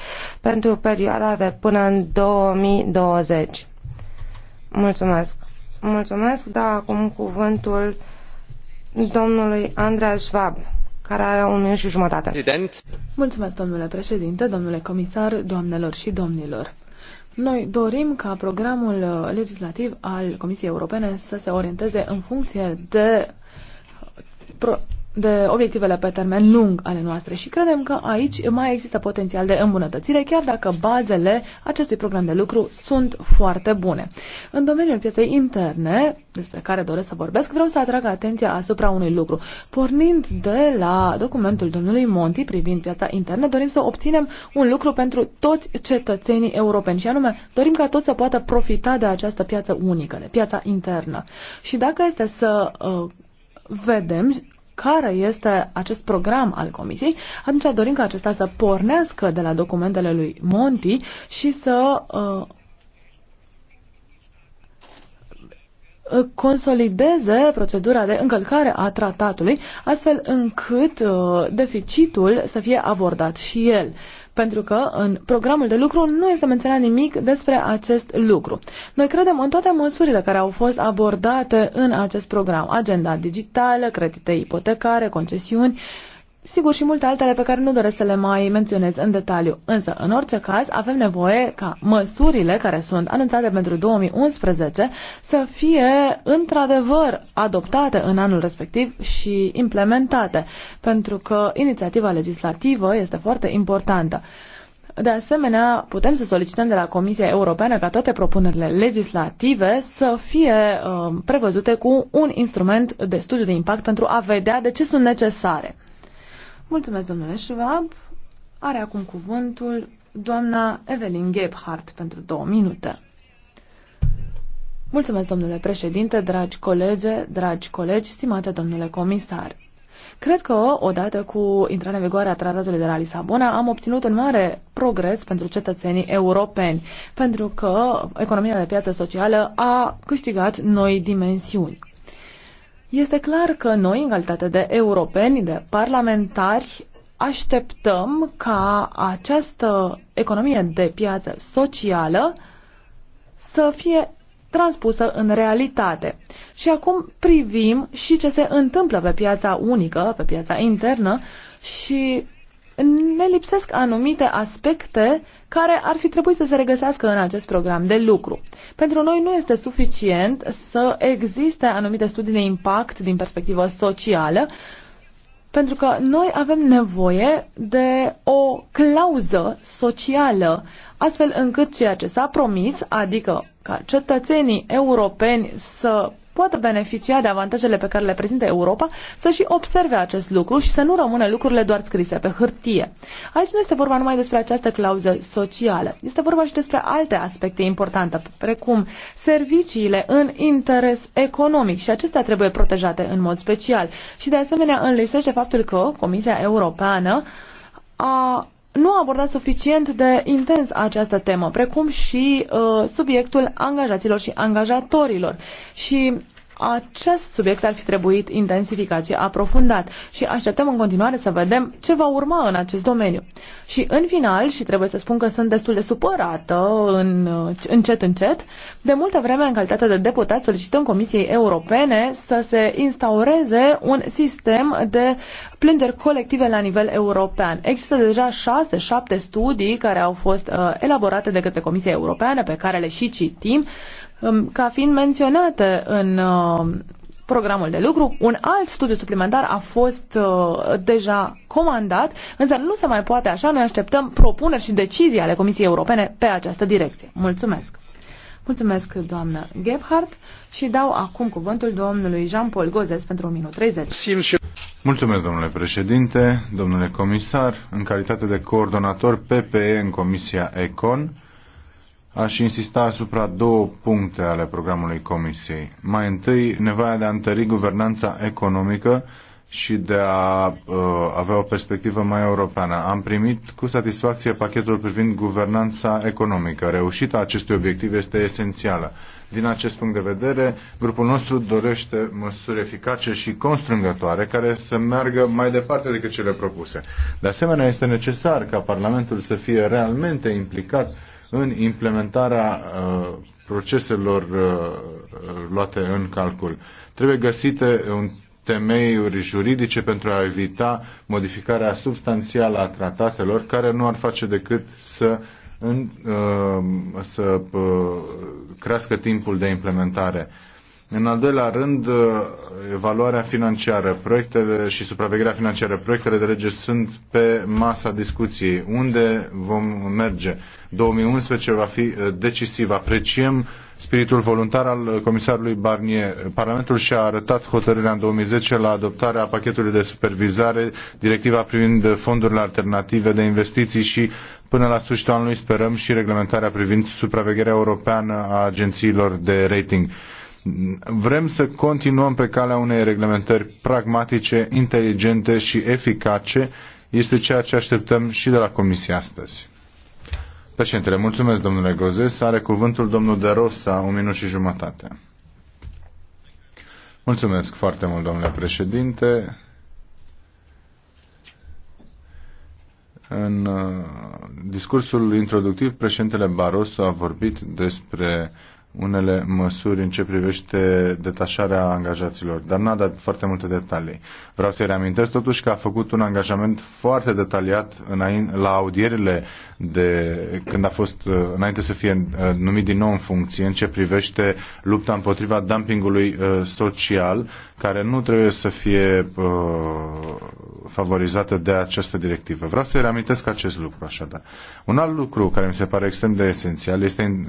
pentru perioada de până în 2020. Mulțumesc. Mulțumesc, da, acum cuvântul domnului Andreas Schwab, care are un minut și jumătate. President. Mulțumesc, domnule președinte, domnule comisar, doamnelor și domnilor. Noi dorim ca programul uh, legislativ al Comisiei Europene să se orienteze în funcție de de obiectivele pe termen lung ale noastre și credem că aici mai există potențial de îmbunătățire, chiar dacă bazele acestui program de lucru sunt foarte bune. În domeniul pieței interne, despre care doresc să vorbesc, vreau să atrag atenția asupra unui lucru. Pornind de la documentul domnului Monti privind piața internă, dorim să obținem un lucru pentru toți cetățenii europeni și anume dorim ca toți să poată profita de această piață unică, de piața internă. Și dacă este să uh, vedem care este acest program al Comisiei, atunci dorim ca acesta să pornească de la documentele lui Monti și să uh, uh consolideze procedura de încălcare a tratatului, astfel încât uh, deficitul să fie abordat și el. Uh, pentru că în programul de lucru nu este menționat nimic despre acest lucru. Noi credem în toate măsurile care au fost abordate în acest program, agenda digitală, credite ipotecare, concesiuni, uh, Sigur și multe altele pe care nu doresc să le mai menționez în detaliu, însă în orice caz avem nevoie ca măsurile care sunt anunțate pentru 2011 să fie într-adevăr adoptate în anul respectiv și implementate, pentru că inițiativa legislativă este foarte importantă. De asemenea, putem să solicităm de la Comisia Europeană ca toate propunerile legislative să fie uh, prevăzute cu un instrument de studiu de impact pentru a vedea de ce sunt necesare. Mulțumesc, domnule Schwab. Are acum cuvântul doamna Evelyn Gebhardt pentru două minute. Mulțumesc, domnule președinte, dragi colege, dragi colegi, stimate domnule comisar. Cred că, odată cu intrarea în vigoare a tratatului de la Lisabona, am obținut un mare progres pentru cetățenii europeni, pentru că economia de piață socială a câștigat noi dimensiuni. Este clar că noi, în calitate de europeni, de parlamentari, așteptăm ca această economie de piață socială să fie transpusă în realitate. Și acum privim și ce se întâmplă pe piața unică, pe piața internă și ne lipsesc anumite aspecte care ar fi trebuit să se regăsească în acest program de lucru. Pentru noi nu este suficient să existe anumite studii de impact din perspectivă socială, pentru că noi avem nevoie de o clauză socială, astfel încât ceea ce s-a promis, adică ca cetățenii europeni să poată beneficia de avantajele pe care le prezintă Europa, să și observe acest lucru și să nu rămână lucrurile doar scrise pe hârtie. Aici nu este vorba numai despre această clauză socială, este vorba și despre alte aspecte importante, precum serviciile în interes economic și acestea trebuie protejate în mod special. Și de asemenea înlisește faptul că Comisia Europeană a nu a abordat suficient de intens această temă, precum și uh, subiectul angajaților și angajatorilor. Și acest subiect ar fi trebuit intensificat și aprofundat și așteptăm în continuare să vedem ce va urma în acest domeniu. Și în final, și trebuie să spun că sunt destul de supărată în, încet încet, de multă vreme în calitate de deputat solicităm Comisiei Europene să se instaureze un sistem de plângeri colective la nivel european. Există deja șase, șapte studii care au fost uh, elaborate de către Comisia Europeană pe care le și citim Um, ca fiind menționate în um, programul de lucru. Un alt studiu suplimentar a fost uh, deja comandat, însă nu se mai poate așa. Noi așteptăm propuneri și decizii ale Comisiei Europene pe această direcție. Mulțumesc! Mulțumesc, doamnă Gebhardt, și dau acum cuvântul domnului Jean-Paul Gozes pentru 1 minut 30. Mulțumesc, domnule președinte, domnule comisar, în calitate de coordonator PPE în Comisia ECON, Aș insista asupra două puncte ale programului Comisiei. Mai întâi, nevoia de a întări guvernanța economică și de a uh, avea o perspectivă mai europeană. Am primit cu satisfacție pachetul privind guvernanța economică. Reușita acestui obiectiv este esențială. Din acest punct de vedere, grupul nostru dorește măsuri eficace și constrângătoare care să meargă mai departe decât cele propuse. De asemenea, este necesar ca Parlamentul să fie realmente implicat în implementarea uh, proceselor uh, luate în calcul. Trebuie găsite un temeiuri juridice pentru a evita modificarea substanțială a tratatelor care nu ar face decât să, în, uh, să crească timpul de implementare. În al doilea rând, uh, evaluarea financiară, proiectele și supravegherea financiară, proiectele de lege sunt pe masa discuției. Unde vom merge? 2011 va fi uh, decisiv. Apreciem spiritul voluntar al comisarului Barnier. Parlamentul și-a arătat hotărârea în 2010 la adoptarea pachetului de supervizare, directiva privind fondurile alternative de investiții și până la sfârșitul anului sperăm și reglementarea privind supravegherea europeană a agențiilor de rating. Vrem să continuăm pe calea unei reglementări pragmatice, inteligente și eficace. Este ceea ce așteptăm și de la Comisie astăzi. Președintele, mulțumesc domnule Gozes. Are cuvântul domnul De Rosa, un minut și jumătate. Mulțumesc foarte mult, domnule președinte. În uh, discursul introductiv, președintele Barroso a vorbit despre unele măsuri în ce privește detașarea angajaților, dar n-a dat foarte multe detalii. Vreau să-i reamintesc totuși că a făcut un angajament foarte detaliat înainte, la audierile de când a fost, uh, înainte să fie uh, numit din nou în funcție, în ce privește lupta împotriva dumpingului uh, social, care nu trebuie să fie favorizată de această directivă. Vreau să-i reamintesc acest lucru, așadar. Un alt lucru care mi se pare extrem de esențial este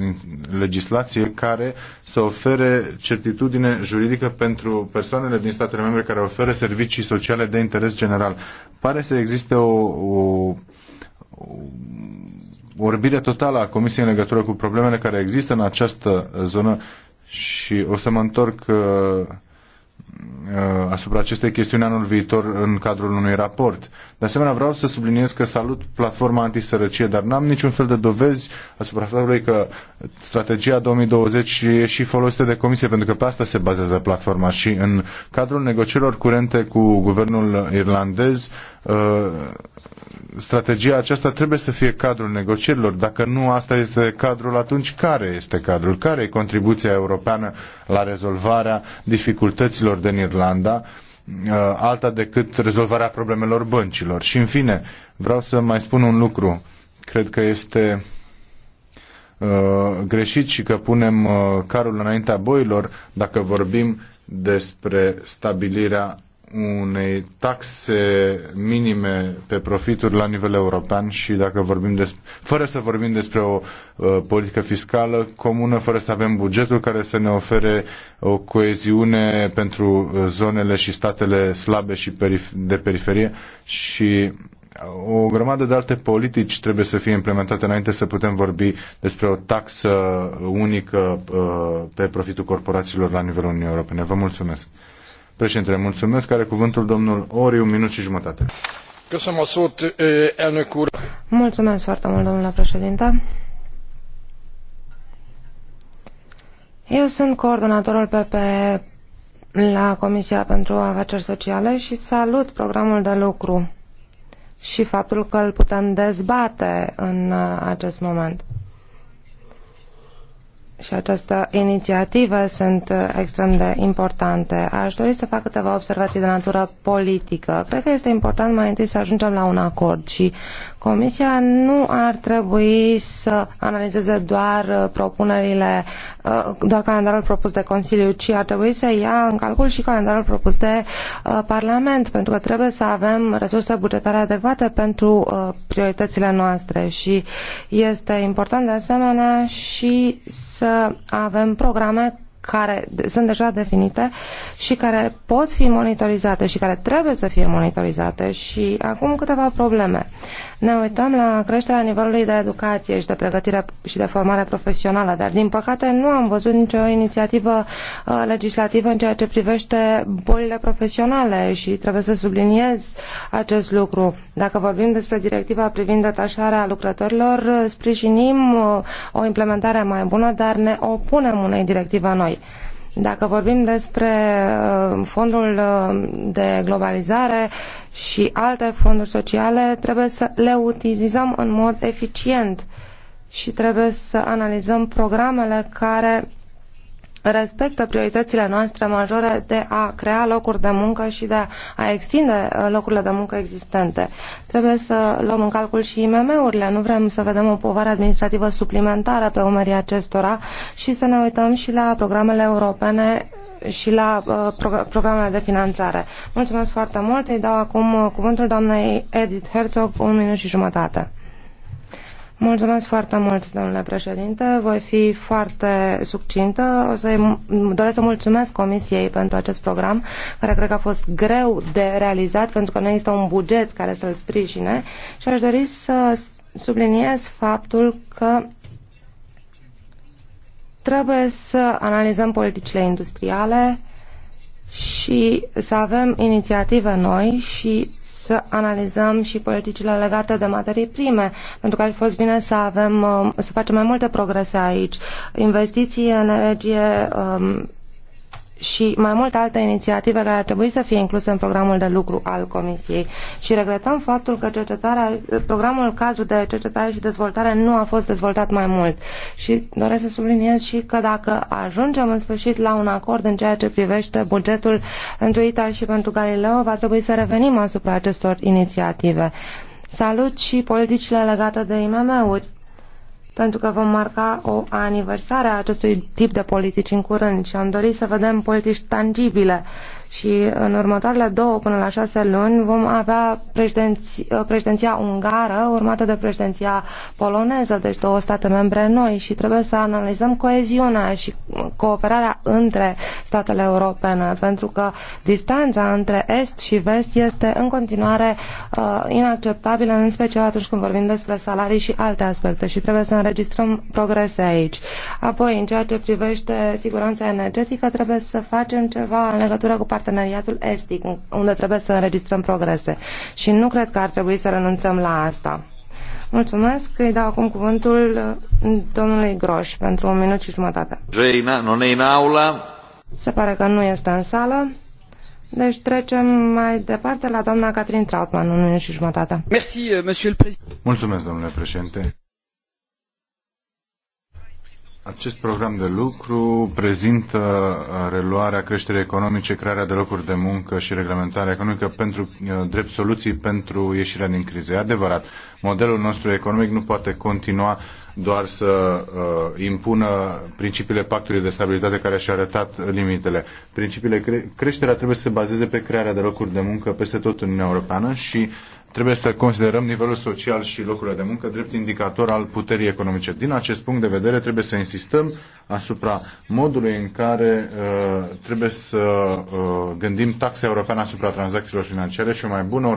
legislație care să ofere certitudine juridică pentru persoanele din statele membre care oferă servicii politicii sociale de interes general. Pare să existe o, o, o orbire totală a Comisiei în legătură cu problemele care există în această zonă și o să mă întorc uh, Uh, asupra acestei chestiuni anul viitor în cadrul unui raport. De asemenea, vreau să subliniez că salut platforma antisărăcie, dar n-am niciun fel de dovezi asupra faptului că strategia 2020 e și folosită de comisie, pentru că pe asta se bazează platforma și în cadrul negocierilor curente cu guvernul irlandez Uh, strategia aceasta trebuie să fie cadrul negocierilor. Dacă nu asta este cadrul, atunci care este cadrul? Care e contribuția europeană la rezolvarea dificultăților din Irlanda? Uh, alta decât rezolvarea problemelor băncilor. Și în fine, vreau să mai spun un lucru. Cred că este uh, greșit și că punem uh, carul înaintea boilor dacă vorbim despre stabilirea unei taxe minime pe profituri la nivel european și dacă vorbim despre, fără să vorbim despre o uh, politică fiscală comună, fără să avem bugetul care să ne ofere o coeziune pentru uh, zonele și statele slabe și perif- de periferie și o grămadă de alte politici trebuie să fie implementate înainte să putem vorbi despre o taxă unică uh, pe profitul corporațiilor la nivelul Uniunii Europene. Vă mulțumesc! Președintele, mulțumesc. Are cuvântul domnul Ori, un minut și jumătate. Mulțumesc foarte mult, domnule președinte. Eu sunt coordonatorul PP la Comisia pentru Afaceri Sociale și salut programul de lucru și faptul că îl putem dezbate în uh, acest moment și această inițiativă sunt uh, extrem de importante. Aș dori să fac câteva observații de natură politică. Cred că este important mai întâi să ajungem la un acord și Comisia nu ar trebui să analizeze doar uh, propunerile, uh, doar calendarul propus de Consiliu, ci ar trebui să ia în calcul și calendarul propus de uh, Parlament, pentru că trebuie să avem resurse bugetare adecvate pentru prioritățile noastre și este important de asemenea și să avem programe care sunt deja definite și care pot fi monitorizate și care trebuie să fie monitorizate și acum câteva probleme. Ne uităm la creșterea nivelului de educație și de pregătire și de formare profesională, dar din păcate nu am văzut nicio inițiativă uh, legislativă în ceea ce privește bolile profesionale și trebuie să subliniez acest lucru. Dacă vorbim despre directiva privind detașarea lucrătorilor, uh, sprijinim uh, o implementare mai bună, dar ne opunem unei directive noi. Dacă vorbim despre uh, fondul uh, de globalizare și alte fonduri sociale, trebuie să le utilizăm în mod eficient și trebuie să analizăm programele care respectă prioritățile noastre majore de a crea locuri de muncă și de a extinde uh, locurile de muncă existente. Trebuie să luăm în calcul și IMM-urile. Nu vrem să vedem o povară administrativă suplimentară pe umerii acestora și să ne uităm și la programele europene și la uh, programele de finanțare. Mulțumesc foarte mult. Îi dau acum uh, cuvântul doamnei Edith Herzog, un minut și jumătate. Mulțumesc foarte mult, domnule președinte. Voi fi foarte succintă. O să doresc să mulțumesc Comisiei pentru acest program, care cred că a fost greu de realizat, pentru că nu există un buget care să-l sprijine. Și aș dori să subliniez faptul că trebuie să analizăm politicile industriale, și să avem inițiative noi și să analizăm și politicile legate de materii prime, pentru că ar fi fost bine să avem, um, să facem mai multe progrese aici. Investiții în energie um, și mai multe alte inițiative care ar trebui să fie incluse în programul de lucru al Comisiei. Și regretăm faptul că cercetarea, programul cadru de cercetare și dezvoltare nu a fost dezvoltat mai mult. Și doresc să subliniez și că dacă ajungem în sfârșit la un acord în ceea ce privește bugetul pentru ITA și pentru Galileo, va trebui să revenim asupra acestor inițiative. Salut și politicile legate de IMM-uri pentru că vom marca o aniversare a acestui tip de politici în curând și am dorit să vedem politici tangibile și în următoarele două până la șase luni vom avea președinți, uh, președinția ungară urmată de președinția poloneză, deci două state membre noi și trebuie să analizăm coeziunea și cooperarea între statele europene, pentru că distanța între est și vest este în continuare uh, inacceptabilă, în special atunci când vorbim despre salarii și alte aspecte și trebuie să înregistrăm progrese aici. Apoi, în ceea ce privește siguranța energetică, trebuie să facem ceva în legătură cu parteneriatul estic, unde trebuie să înregistrăm progrese. Și nu cred că ar trebui să renunțăm la asta. Mulțumesc. Îi dau acum cuvântul uh, domnului Groș pentru un minut și jumătate. Geina, non e în aula. Se pare că nu este în sală. Deci trecem mai departe la doamna Catherine Trautmann, un minut și jumătate. Merci, uh, Mulțumesc, domnule președinte. Acest program de lucru prezintă uh, reluarea creșterii economice, crearea de locuri de muncă și reglementarea economică pentru uh, drept soluții pentru ieșirea din criză. E adevărat, modelul nostru economic nu poate continua doar să uh, impună principiile pactului de stabilitate care și-a arătat limitele. Principiile cre- creșterea trebuie să se bazeze pe crearea de locuri de muncă peste tot în Uniunea Europeană și uh, trebuie să considerăm nivelul social și locurile de muncă drept indicator al puterii economice. Din acest punct de vedere trebuie să insistăm asupra modului în care uh, trebuie să uh, gândim taxa europeană asupra tranzacțiilor financiare și o mai bună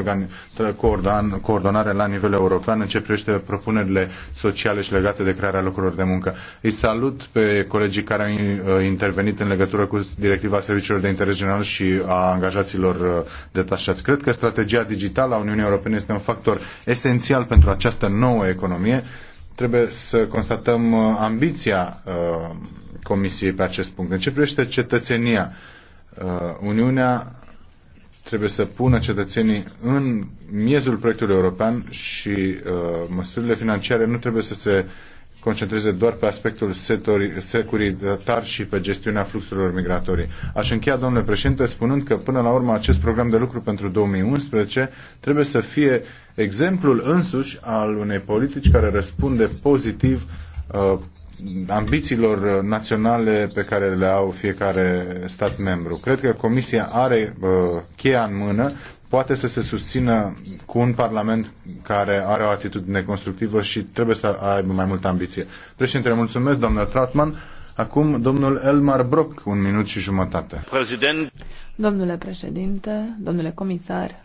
coordonare la nivel european în ce privește propunerile sociale și legate de crearea locurilor de muncă. Îi salut pe colegii care au uh, intervenit în legătură cu directiva serviciilor de interes general și a angajaților uh, detașați. Cred că strategia digitală a Uniunii Europene Europene este un factor esențial pentru această nouă economie. Trebuie să constatăm uh, ambiția uh, Comisiei pe acest punct. În ce privește cetățenia, uh, Uniunea trebuie să pună cetățenii în miezul proiectului european și măsurile financiare nu trebuie să se concentreze doar pe aspectul securitar și pe gestiunea fluxurilor migratorii. Aș încheia, domnule președinte, spunând că până la urmă acest program de lucru pentru 2011 trebuie să fie exemplul însuși al unei politici care răspunde pozitiv uh, ambițiilor naționale pe care le au fiecare stat membru. Cred că Comisia are uh, cheia în mână poate să se susțină cu un Parlament care are o atitudine constructivă și trebuie să aibă mai multă ambiție. Președinte, mulțumesc, domnule Trautmann. Acum domnul Elmar Brock, un minut și jumătate. President. Domnule președinte, domnule comisar,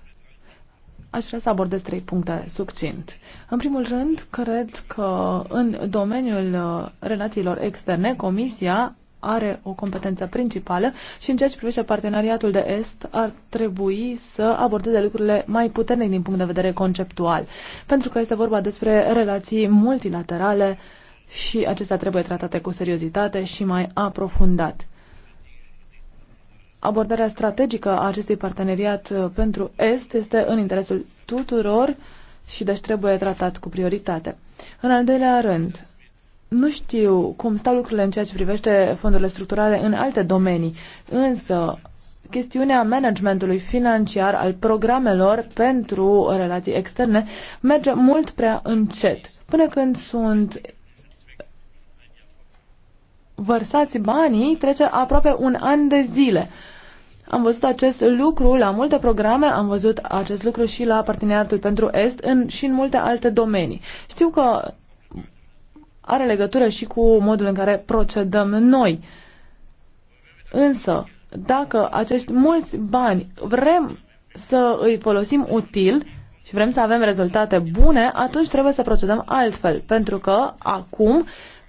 aș vrea să abordez trei puncte succint. În primul rând, cred că în domeniul uh, relațiilor externe, Comisia are o competență principală și în ceea ce privește parteneriatul de est ar trebui să abordeze lucrurile mai puternic din punct de vedere conceptual, pentru că este vorba despre relații multilaterale și acestea trebuie tratate cu seriozitate și mai aprofundat. Abordarea strategică a acestui parteneriat uh, pentru Est este în interesul tuturor și deci trebuie tratat cu prioritate. În al doilea rând, nu știu cum stau lucrurile în ceea ce privește fondurile structurale în alte domenii, însă chestiunea managementului financiar al programelor pentru relații externe merge mult prea încet. Până când sunt vărsați banii, trece aproape un an de zile. Am văzut acest lucru la multe programe, am văzut acest lucru și la Parteneriatul pentru Est în, și în multe alte domenii. Știu că are legătură și cu modul în care procedăm noi. Însă, dacă acești mulți bani vrem să îi folosim util și vrem să avem rezultate bune, atunci trebuie să procedăm altfel, pentru că acum uh,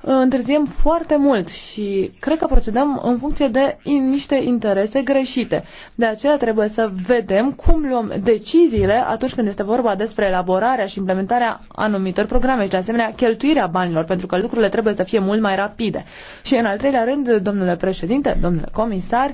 întârziem foarte mult și cred că procedăm în funcție de niște interese greșite. De aceea trebuie să vedem cum luăm deciziile atunci când este vorba despre elaborarea și implementarea anumitor programe și de asemenea cheltuirea banilor, pentru că lucrurile trebuie să fie mult mai rapide. Și în al treilea rând, domnule președinte, domnule comisar,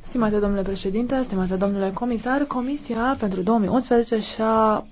Stimate domnule președinte, stimate domnule comisar, Comisia pentru 2011 și-a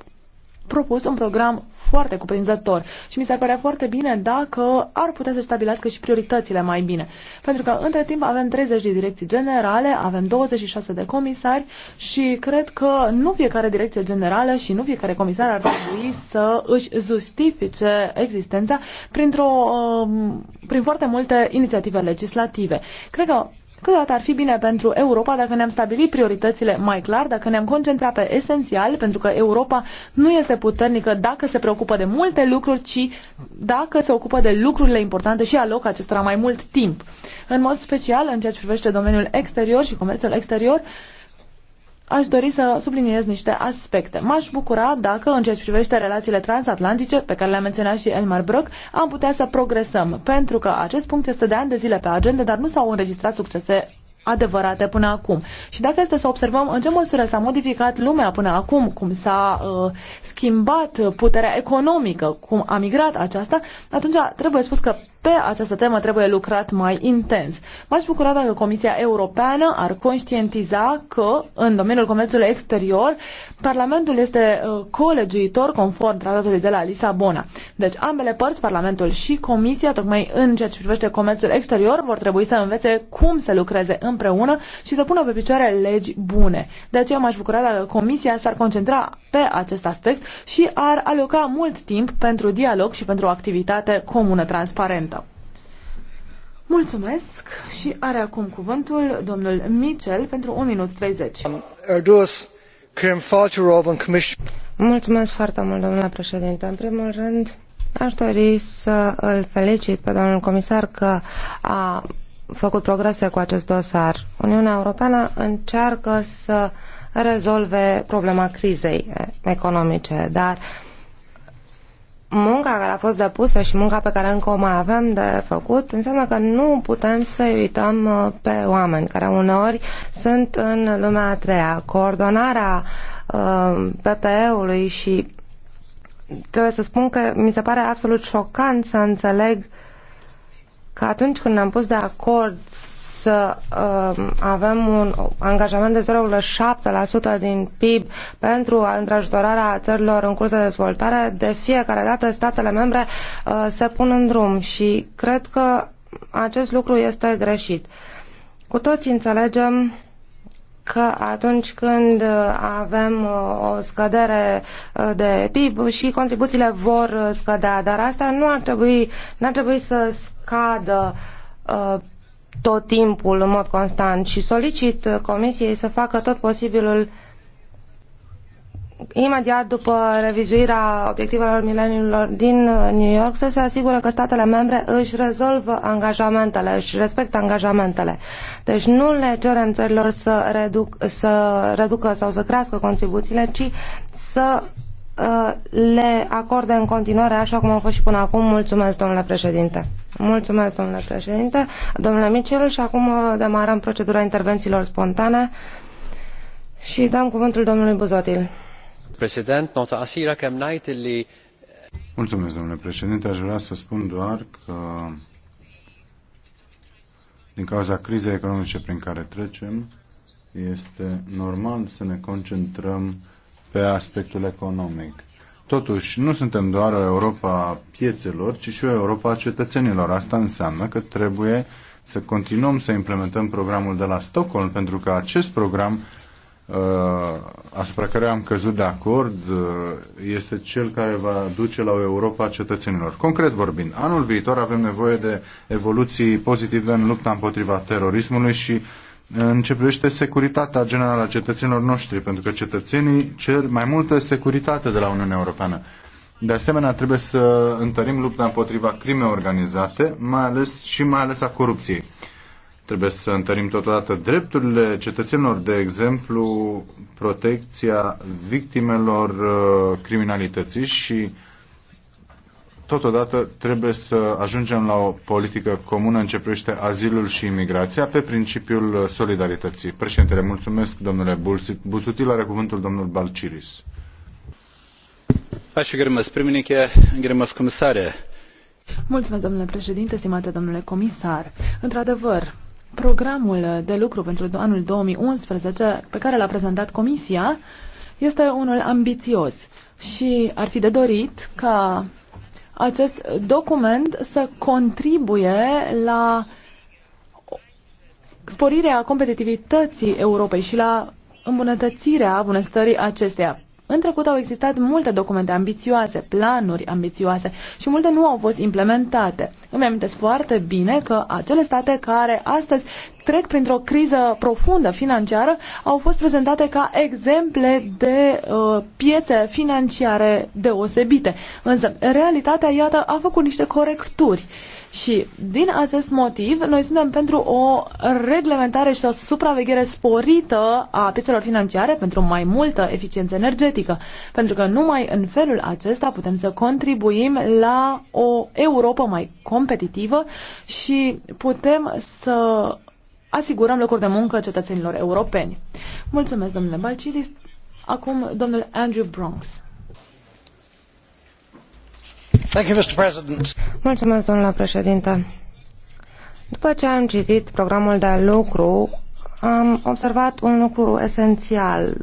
propus un program foarte cuprinzător și mi s-ar părea foarte bine dacă ar putea să stabilească și prioritățile mai bine. Pentru că între timp avem 30 de direcții generale, avem 26 de comisari și cred că nu fiecare direcție generală și nu fiecare comisar ar trebui să își justifice existența printr-o, um, prin foarte multe inițiative legislative. Cred că Câteodată ar fi bine pentru Europa dacă ne-am stabilit prioritățile mai clar, dacă ne-am concentrat pe esențial, pentru că Europa nu este puternică dacă se preocupă de multe lucruri, ci dacă se ocupă de lucrurile importante și alocă acestora mai mult timp. În mod special, în ceea ce privește domeniul exterior și comerțul exterior, aș dori să subliniez niște aspecte. M-aș bucura dacă, în ce privește relațiile transatlantice, pe care le-a menționat și Elmar Brock, am putea să progresăm, pentru că acest punct este de ani de zile pe agenda, dar nu s-au înregistrat succese adevărate până acum. Și dacă este să observăm în ce măsură s-a modificat lumea până acum, cum s-a uh, schimbat puterea economică, cum a migrat aceasta, atunci trebuie spus că pe această temă trebuie lucrat mai intens. M-aș bucura dacă Comisia Europeană ar conștientiza că în domeniul comerțului exterior Parlamentul este uh, colegiuitor conform tratatului de la Lisabona. Deci ambele părți, Parlamentul și Comisia, tocmai în ceea ce privește comerțul exterior, vor trebui să învețe cum să lucreze împreună și să pună pe picioare legi bune. De aceea m-aș bucura dacă Comisia s-ar concentra pe acest aspect și ar aloca mult timp pentru dialog și pentru o activitate comună transparentă. Mulțumesc și are acum cuvântul domnul Mitchell pentru 1 minut 30. Mulțumesc foarte mult, domnule președinte. În primul rând, aș dori să îl felicit pe domnul comisar că a făcut progrese cu acest dosar. Uniunea Europeană încearcă să uh, rezolve problema crizei economice, dar munca care a fost depusă și munca pe care încă o mai avem de făcut înseamnă că nu putem să uităm uh, pe oameni care uneori sunt în lumea a treia. Coordonarea uh, PPE-ului și trebuie să spun că mi se pare absolut șocant să înțeleg că atunci când ne-am pus de acord să um, avem un angajament de 0,7% din PIB pentru întrajutorarea țărilor în curs de dezvoltare, de fiecare dată statele membre uh, se pun în drum și cred că acest lucru este greșit. Cu toți înțelegem că atunci când uh, avem uh, o scădere de PIB și contribuțiile vor scădea, dar asta nu ar trebui, n-ar trebui să scadă tot timpul, în mod constant și solicit Comisiei să facă tot posibilul imediat după revizuirea obiectivelor mileniilor din New York să se asigure că statele membre își rezolvă angajamentele, își respectă angajamentele. Deci nu le cerem țărilor să, reduc, să reducă sau să crească contribuțiile, ci să uh, le acorde în continuare așa cum au fost și până acum. Mulțumesc, domnule președinte. Mulțumesc, domnule președinte. Domnule Michel, și acum uh, demarăm procedura intervențiilor spontane și dăm cuvântul domnului Buzotil. Președinte, nota asira kem najtilli... Mulțumesc, domnule președinte. Aș vrea să spun doar că din cauza crizei economice prin care trecem, este normal să ne concentrăm pe aspectul economic Totuși, nu suntem doar o Europa piețelor, ci și o Europa a cetățenilor. Asta înseamnă că trebuie să continuăm să implementăm programul de la Stockholm, pentru că acest program uh, asupra care am căzut de acord uh, este cel care va duce la o Europa a cetățenilor. Concret vorbind, anul viitor avem nevoie de evoluții pozitive în lupta împotriva terorismului și în ce privește securitatea generală a cetățenilor noștri, pentru că cetățenii cer mai multă securitate de la Uniunea Europeană. De asemenea, trebuie să întărim lupta împotriva crimei organizate, mai ales și mai ales a corupției. Trebuie să întărim totodată drepturile cetățenilor, de exemplu, protecția victimelor uh, criminalității și Totodată trebuie să ajungem la o politică comună în ce privește azilul și imigrația pe principiul solidarității. Președintele, mulțumesc domnule Busutil, are cuvântul domnul Balciris. Ačiū, gerimas pirmininkė, gerimas comisare. Mulțumesc, domnule președinte, stimate domnule comisar. Într-adevăr, programul de lucru pentru anul 2011 pe care l-a prezentat Comisia este unul ambițios și ar fi de dorit ca acest document să contribuie la sporirea competitivității Europei și la îmbunătățirea bunăstării acesteia. În trecut au existat multe documente ambițioase, planuri ambițioase și multe nu au fost implementate. Îmi amintesc foarte bine că acele state care astăzi trec printr-o criză profundă financiară au fost prezentate ca exemple de uh, piețe financiare deosebite. Însă, realitatea, iată, a făcut niște corecturi. Uh, și din acest motiv, noi suntem pentru o reglementare și o supraveghere sporită a piețelor financiare pentru mai multă eficiență energetică, pentru că numai în felul acesta putem să contribuim la o Europa mai competitivă și putem să asigurăm locuri de muncă cetățenilor europeni. Mulțumesc, domnule Balcidis. Acum, domnul Andrew Bronx. Mulțumesc, domnule președinte. După ce am citit programul de lucru, am observat un lucru esențial.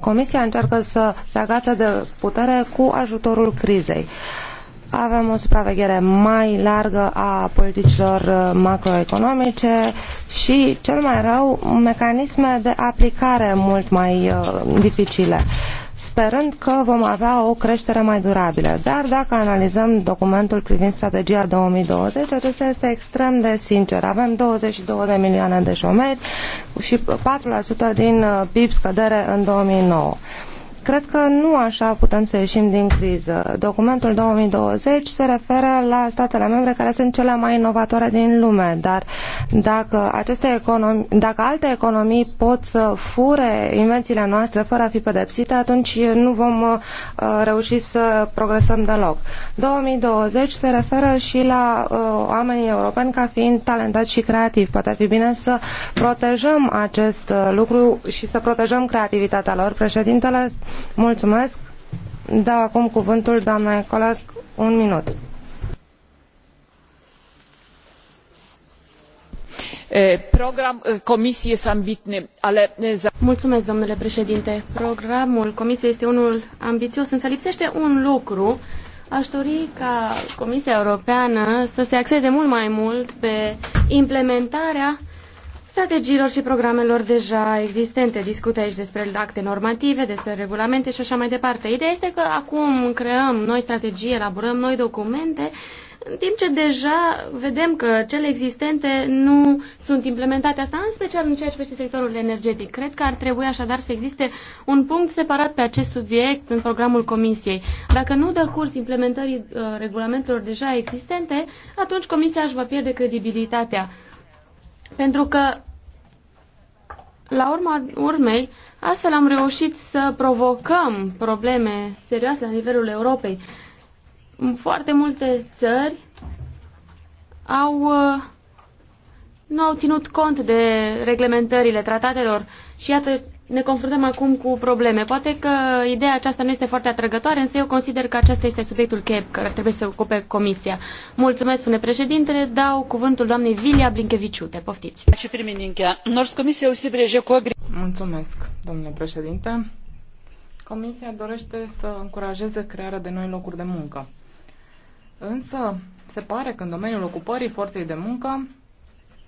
Comisia încearcă să se agațe de putere cu ajutorul crizei. Avem o supraveghere mai largă a politicilor macroeconomice și, cel mai rău, mecanisme de aplicare mult mai uh, dificile. Uh, sperând că vom avea o creștere mai durabilă. Dar dacă analizăm documentul privind strategia 2020, acesta este extrem de sincer. Avem 22 de milioane de șomeri și 4% din uh, PIB scădere în 2009 cred că nu așa putem să ieșim din criză. Documentul 2020 se referă la statele membre care sunt cele mai inovatoare din lume, dar dacă, aceste economii, dacă alte economii pot să fure invențiile noastre fără a fi pedepsite, atunci nu vom uh, reuși să progresăm deloc. 2020 se referă și la uh, oamenii europeni ca fiind talentați și creativi. Poate ar fi bine să protejăm acest uh, lucru și să protejăm creativitatea lor. Președintele Mulțumesc. Dau acum cuvântul doamna Ecolas, un minut. program comisiei jest ambitny ale. programul comisiei este unul ambiios însă lipsete un lucru a dori ca comisia europeană să se axeze mult mai mult pe implementarea strategiilor și programelor deja existente. Discută aici despre acte normative, despre regulamente și așa mai departe. Ideea este că acum creăm noi strategii, elaborăm noi documente, în timp ce deja vedem că cele existente nu sunt implementate. Asta în special în ceea ce privește sectorul energetic. Cred că ar trebui așadar să existe un punct separat pe acest subiect în programul Comisiei. Dacă nu dă curs implementării uh, regulamentelor deja existente, atunci Comisia își va pierde credibilitatea. Pentru că la urma urmei, astfel am reușit să provocăm probleme serioase la nivelul Europei. Foarte multe țări au, uh, nu au ținut cont de reglementările tratatelor și iată ne confruntăm acum cu probleme. Poate că ideea aceasta nu este foarte atrăgătoare, însă eu consider că acesta este subiectul cheie care trebuie să ocupe Comisia. Mulțumesc, spune președintele. Dau cuvântul doamnei Vilia Te Poftiți. Mulțumesc, domnule președinte. Comisia dorește să încurajeze crearea de noi locuri de muncă. Însă, se pare că în domeniul ocupării forței de muncă,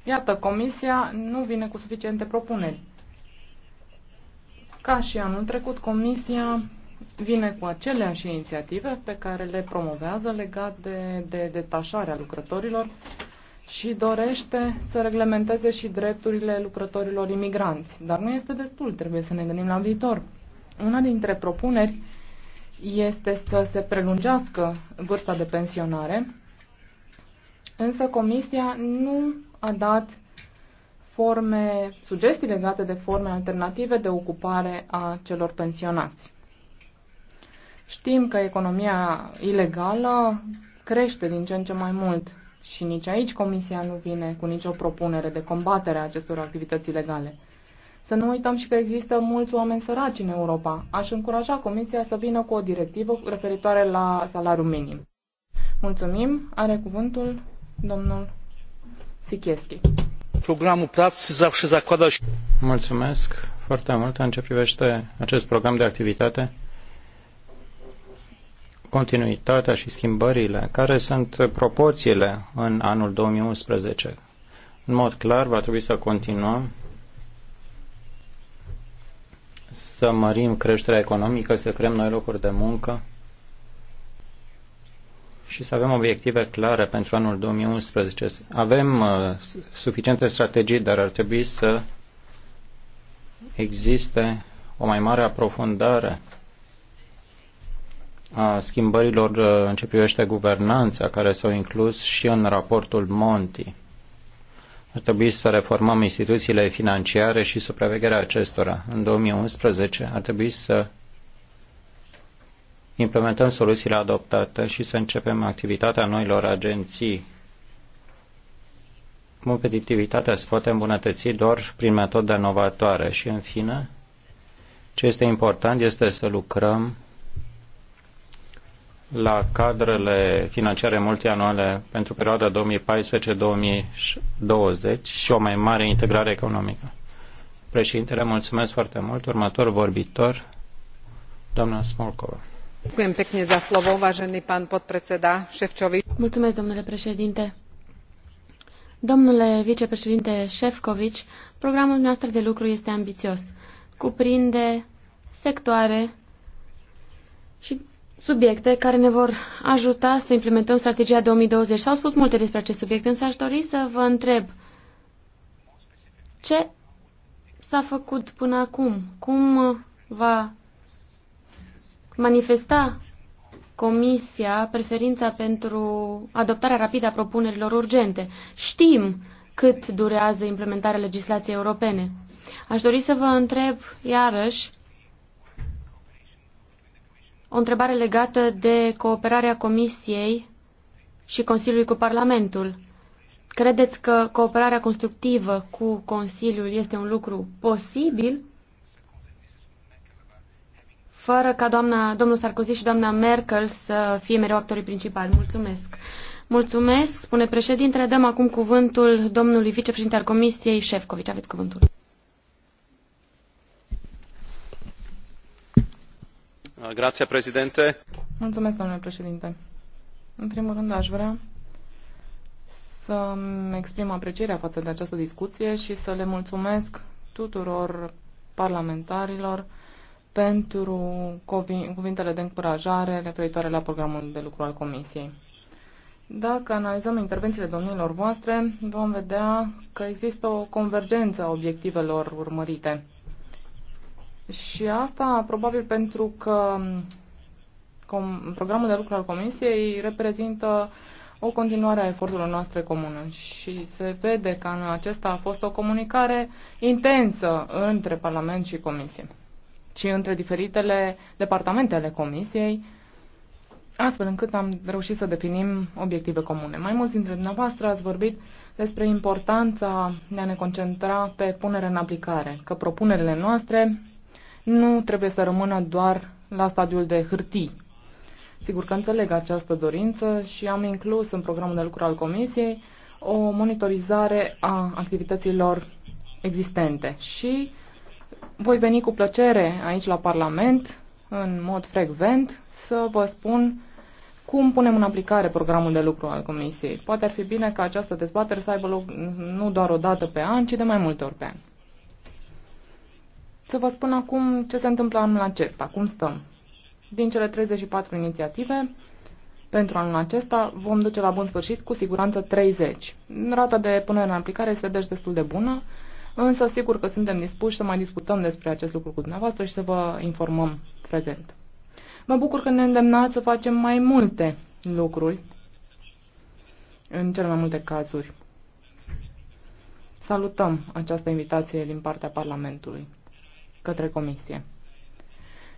iată, Comisia nu vine cu suficiente propuneri. Ca și anul trecut, Comisia vine cu aceleași inițiative pe care le promovează legat de, de detașarea lucrătorilor și dorește să reglementeze și drepturile lucrătorilor imigranți. Dar nu este destul, trebuie să ne gândim la viitor. Una dintre propuneri este să se prelungească vârsta de pensionare, însă Comisia nu a dat forme, sugestii legate de forme alternative de ocupare a celor pensionați. Știm că economia ilegală crește din ce în ce mai mult și nici aici Comisia nu vine cu nicio propunere de combatere a acestor activități ilegale. Să nu uităm și că există mulți oameni săraci în Europa. Aș încuraja Comisia să vină cu o directivă referitoare la salariul minim. Mulțumim. Are cuvântul domnul Sikieski. Programul pracy zawsze zakłada się... Mulțumesc foarte mult în ce privește acest program de activitate continuitatea și schimbările, care sunt proporțiile în anul 2011. În mod clar, va trebui să continuăm să mărim creșterea economică, să creăm noi locuri de muncă, și să avem obiective clare pentru anul 2011. Avem uh, suficiente strategii, dar ar trebui să existe o mai mare aprofundare a schimbărilor uh, în ce privește guvernanța, care s-au inclus și în raportul Monti. Ar trebui să reformăm instituțiile financiare și supravegherea acestora. În 2011 ar trebui să implementăm soluțiile adoptate și să începem activitatea noilor agenții. Competitivitatea se poate îmbunătăți doar prin metode novatoare și, în fine, ce este important este să lucrăm la cadrele financiare multianuale pentru perioada 2014-2020 și o mai mare integrare economică. Președintele, mulțumesc foarte mult. Următor vorbitor, doamna Smolkova. Mulțumesc, domnule președinte. Domnule vicepreședinte efovi programul dumneavoastră de lucru este ambițios. Cuprinde sectoare și subiecte care ne vor ajuta să implementăm strategia 2020. S-au spus multe despre acest subiect, însă aș dori să vă întreb ce s-a făcut până acum, cum va manifesta Comisia preferința pentru adoptarea rapidă a propunerilor urgente. Știm cât durează implementarea legislației europene. Aș dori să vă întreb iarăși o întrebare legată de cooperarea Comisiei și Consiliului cu Parlamentul. Credeți că cooperarea constructivă cu Consiliul este un lucru posibil? fără ca doamna, domnul Sarkozy și doamna Merkel să fie mereu actorii principali. Mulțumesc. Mulțumesc, spune președintele. Dăm acum cuvântul domnului vicepreședinte al Comisiei, Șefcovic. Aveți cuvântul. Grație, președinte. Mulțumesc, domnule președinte. În primul rând, aș vrea să-mi exprim aprecierea față de această discuție și să le mulțumesc tuturor parlamentarilor pentru cuvintele de încurajare referitoare la programul de lucru al Comisiei. Dacă analizăm intervențiile domnilor voastre, vom vedea că există o convergență a obiectivelor urmărite. Și asta probabil pentru că programul de lucru al Comisiei reprezintă o continuare a eforturilor noastre comune și se vede că în acesta a fost o comunicare intensă între Parlament și Comisie ci între diferitele departamente ale Comisiei, astfel încât am reușit să definim obiective comune. Mai mulți dintre dumneavoastră ați vorbit despre importanța de a ne concentra pe punerea în aplicare, că propunerile noastre nu trebuie să rămână doar la stadiul de hârtii. Sigur că înțeleg această dorință și am inclus în programul de lucru al Comisiei o monitorizare a activităților existente și voi veni cu plăcere aici la Parlament, în mod frecvent, să vă spun cum punem în aplicare programul de lucru al Comisiei. Poate ar fi bine ca această dezbatere să aibă loc nu doar o dată pe an, ci de mai multe ori pe an. Să vă spun acum ce se întâmplă anul acesta, cum stăm. Din cele 34 inițiative, pentru anul acesta vom duce la bun sfârșit cu siguranță 30. Rata de punere în aplicare este deci destul de bună însă sigur că suntem dispuși să mai discutăm despre acest lucru cu dumneavoastră și să vă informăm frecvent. Mă bucur că ne îndemnați să facem mai multe lucruri în cele mai multe cazuri. Salutăm această invitație din partea Parlamentului către Comisie.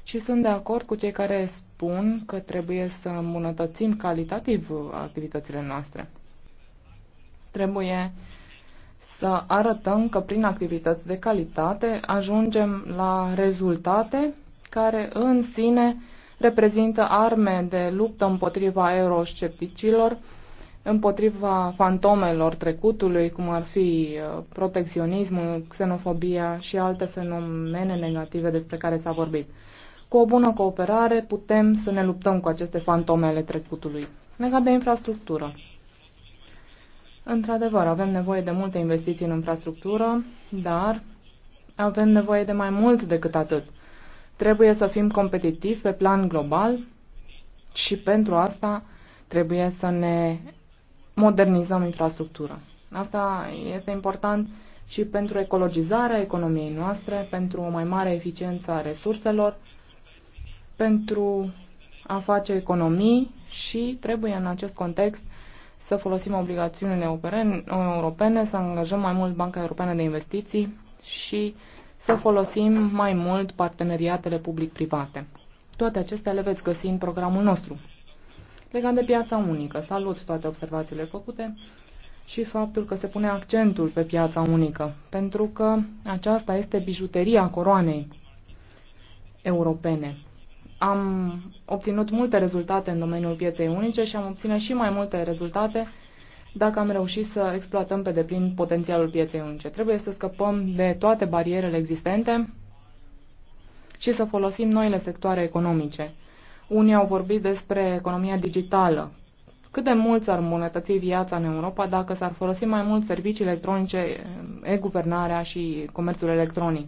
Și sunt de acord cu cei care spun că trebuie să îmbunătățim calitativ activitățile noastre. Trebuie să arătăm că prin activități de calitate ajungem la rezultate care în sine reprezintă arme de luptă împotriva euroscepticilor, împotriva fantomelor trecutului, cum ar fi uh, protecționismul, xenofobia și alte fenomene negative despre care s-a vorbit. Cu o bună cooperare putem să ne luptăm cu aceste fantomele trecutului. Legat de infrastructură. Într-adevăr, avem nevoie de multe investiții în infrastructură, dar avem nevoie de mai mult decât atât. Trebuie să fim competitivi pe plan global și pentru asta trebuie să ne modernizăm infrastructura. Asta este important și pentru ecologizarea economiei noastre, pentru o mai mare eficiență a resurselor, pentru a face economii și trebuie în acest context să folosim obligațiunile europene, să angajăm mai mult Banca Europeană de Investiții și să folosim mai mult parteneriatele public-private. Toate acestea le veți găsi în programul nostru. Legat de piața unică, salut toate observațiile făcute și faptul că se pune accentul pe piața unică, pentru că aceasta este bijuteria coroanei europene am obținut multe rezultate în domeniul pieței unice și am obține și mai multe rezultate dacă am reușit să exploatăm pe deplin potențialul pieței unice. Trebuie să scăpăm de toate barierele existente și să folosim noile sectoare economice. Unii au vorbit despre economia digitală. Cât de mult s-ar îmbunătăți viața în Europa dacă s-ar folosi mai mult servicii electronice, e-guvernarea și comerțul electronic.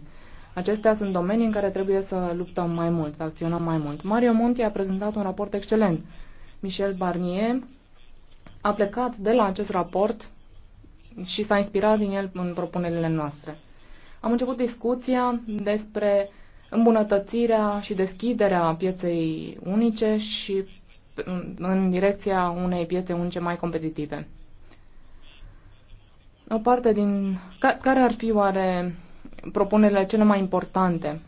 Acestea sunt domenii în care trebuie să luptăm mai mult, să acționăm mai mult. Mario Monti a prezentat un raport excelent. Michel Barnier a plecat de la acest raport și s-a inspirat din el în propunerile noastre. Am început discuția despre îmbunătățirea și deschiderea pieței unice și în direcția unei piețe unice mai competitive. O parte din. Care ar fi oare propunerile cele mai importante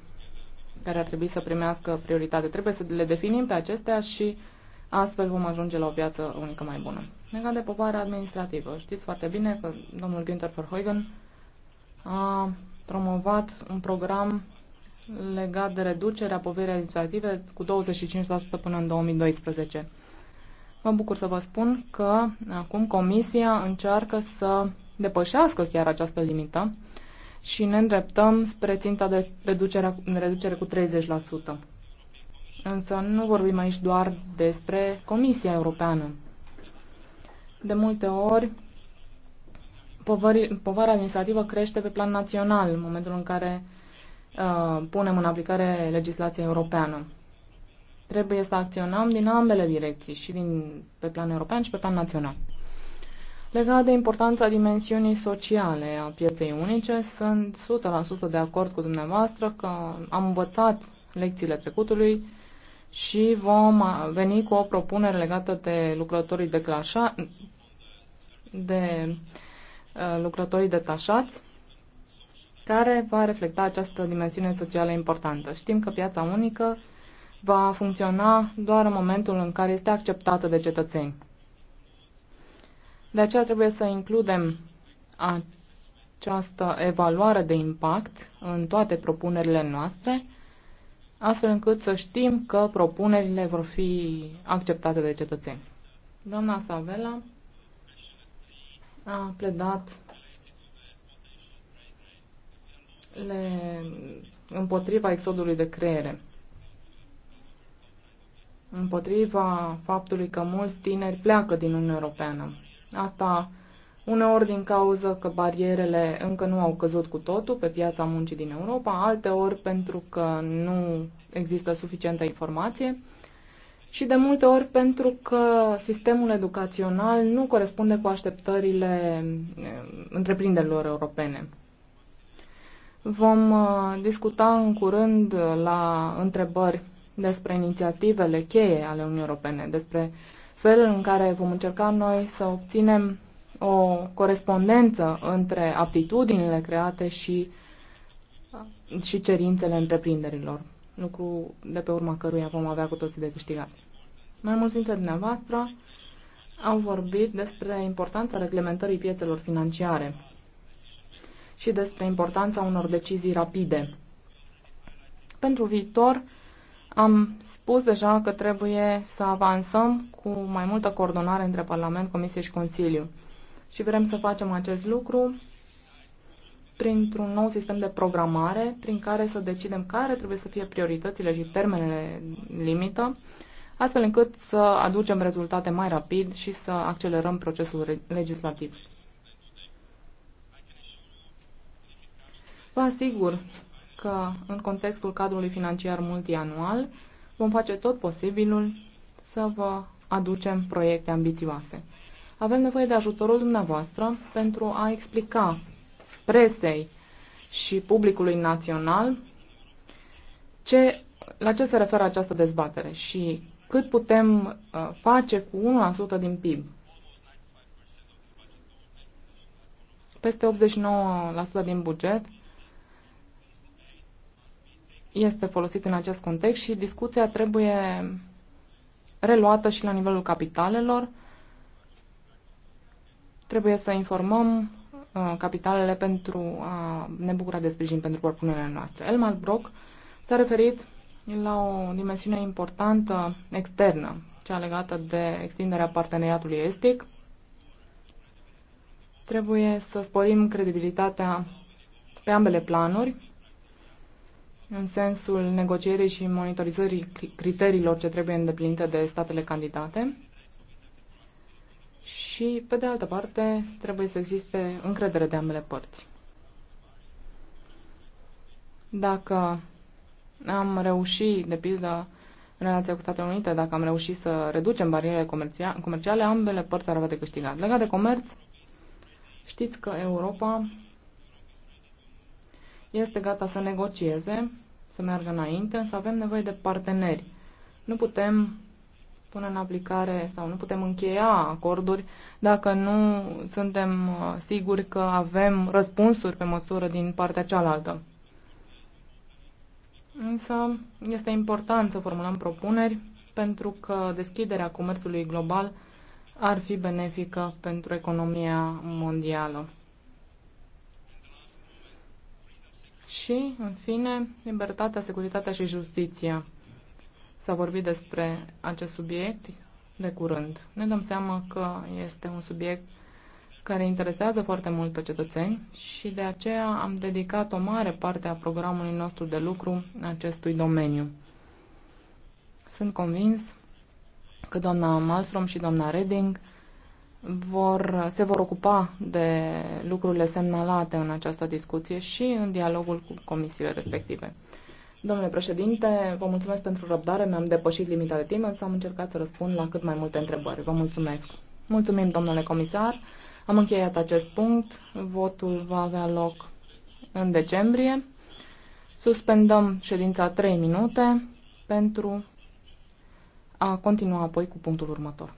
care ar trebui să primească prioritate. Trebuie să le definim pe acestea și astfel vom ajunge la o viață unică mai bună. Legat de povara administrativă, știți foarte bine că domnul Günther Verheugen a promovat un program legat de reducerea poverii administrative cu 25% până în 2012. Mă bucur să vă spun că acum Comisia încearcă să depășească chiar această limită și ne îndreptăm spre ținta de reducere, reducere cu 30%. Însă nu vorbim aici doar despre Comisia Europeană. De multe ori, povara administrativă crește pe plan național în momentul în care uh, punem în aplicare legislația europeană. Trebuie să acționăm din ambele direcții, și din, pe plan european și pe plan național. Legat de importanța dimensiunii sociale a pieței unice, sunt 100% de acord cu dumneavoastră că am învățat lecțiile trecutului și vom veni cu o propunere legată de lucrătorii declașa, de uh, lucrătorii detașați, care va reflecta această dimensiune socială importantă. Știm că piața unică va funcționa doar în momentul în care este acceptată de cetățeni. De aceea trebuie să includem această evaluare de impact în toate propunerile noastre, astfel încât să știm că propunerile vor fi acceptate de cetățeni. Doamna Savela a pledat le împotriva exodului de creiere, împotriva faptului că mulți tineri pleacă din Uniunea Europeană. Asta uneori din cauza că barierele încă nu au căzut cu totul pe piața muncii din Europa, alteori pentru că nu există suficientă informație și de multe ori pentru că sistemul educațional nu corespunde cu așteptările eh, întreprinderilor europene. Vom eh, discuta în curând eh, la întrebări despre inițiativele cheie ale Uniunii Europene, despre felul în care vom încerca noi să obținem o corespondență între aptitudinile create și, și cerințele întreprinderilor, lucru de pe urma căruia vom avea cu toții de câștigat. Mai mulți dintre dumneavoastră au vorbit despre importanța reglementării piețelor financiare și despre importanța unor decizii rapide. Pentru viitor, am spus deja că trebuie să avansăm cu mai multă coordonare între Parlament, Comisie și Consiliu. Și vrem să facem acest lucru printr-un nou sistem de programare prin care să decidem care trebuie să fie prioritățile și termenele limită, astfel încât să aducem rezultate mai rapid și să accelerăm procesul legislativ. Vă asigur că în contextul cadrului financiar multianual vom face tot posibilul să vă aducem proiecte ambițioase. Avem nevoie de ajutorul dumneavoastră pentru a explica presei și publicului național ce, la ce se referă această dezbatere și cât putem uh, face cu 1% din PIB. Peste 89% din buget este folosit în acest context și discuția trebuie reluată și la nivelul capitalelor. Trebuie să informăm uh, capitalele pentru a ne bucura de sprijin pentru propunerile noastre. Elmar Brock s-a referit la o dimensiune importantă externă, cea legată de extinderea parteneriatului estic. Trebuie să sporim credibilitatea pe ambele planuri în sensul negocierii și monitorizării criteriilor ce trebuie îndeplinite de statele candidate și, pe de altă parte, trebuie să existe încredere de ambele părți. Dacă am reușit, de pildă, în relația cu Statele Unite, dacă am reușit să reducem barierele comerciale, ambele părți ar avea de câștigat. Legat de comerț, știți că Europa este gata să negocieze, să meargă înainte, însă avem nevoie de parteneri. Nu putem pune în aplicare sau nu putem încheia acorduri dacă nu suntem uh, siguri că avem răspunsuri pe măsură din partea cealaltă. Însă este important să formulăm propuneri pentru că deschiderea comerțului global ar fi benefică pentru economia mondială. și, în fine, libertatea, securitatea și justiția. S-a vorbit despre acest subiect de curând. Ne dăm seama că este un subiect care interesează foarte mult pe cetățeni și de aceea am dedicat o mare parte a programului nostru de lucru acestui domeniu. Sunt convins că doamna Malmström și doamna Reding vor, se vor ocupa de lucrurile semnalate în această discuție și în dialogul cu comisiile respective. Domnule președinte, vă mulțumesc pentru răbdare, mi-am depășit limita de timp, însă am încercat să răspund la cât mai multe întrebări. Vă mulțumesc. Mulțumim, domnule comisar. Am încheiat acest punct. Votul va avea loc în decembrie. Suspendăm ședința 3 minute pentru a continua apoi cu punctul următor.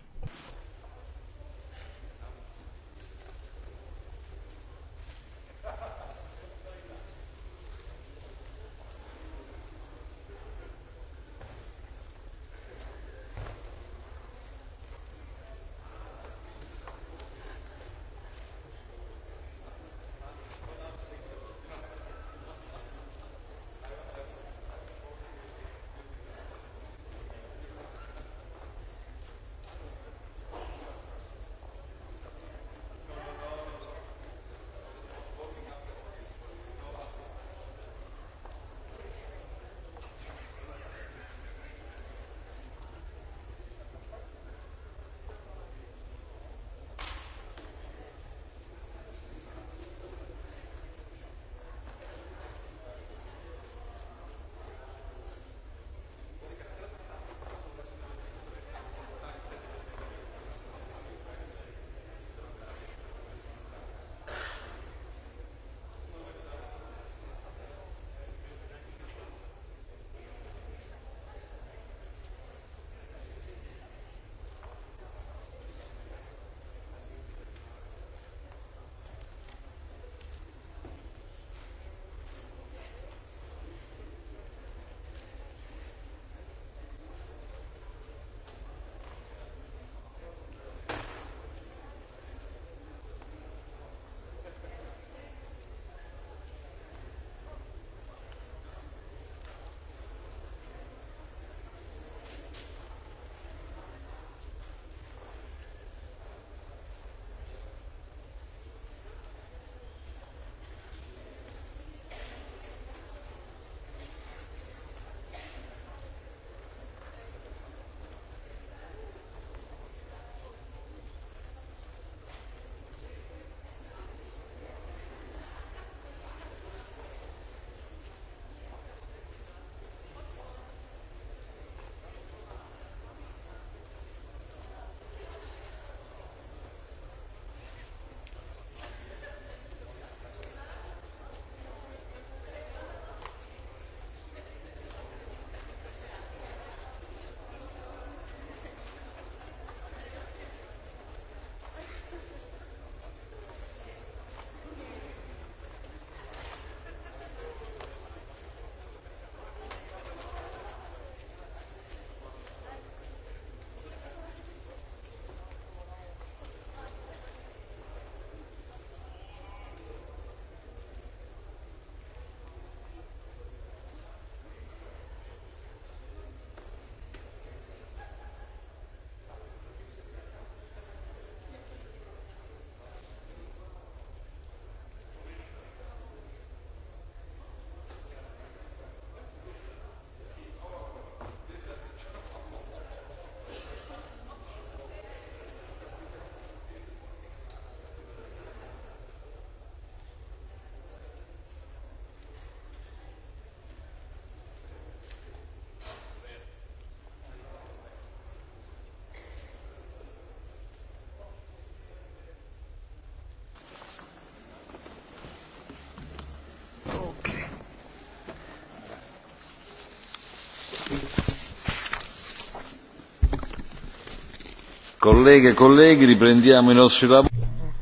Colleghe, colleghi, riprendiamo i nostri lavori.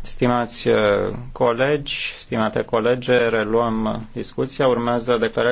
Stimați eh, colegi, stimate colege, reluăm discuția. Urmează declarația.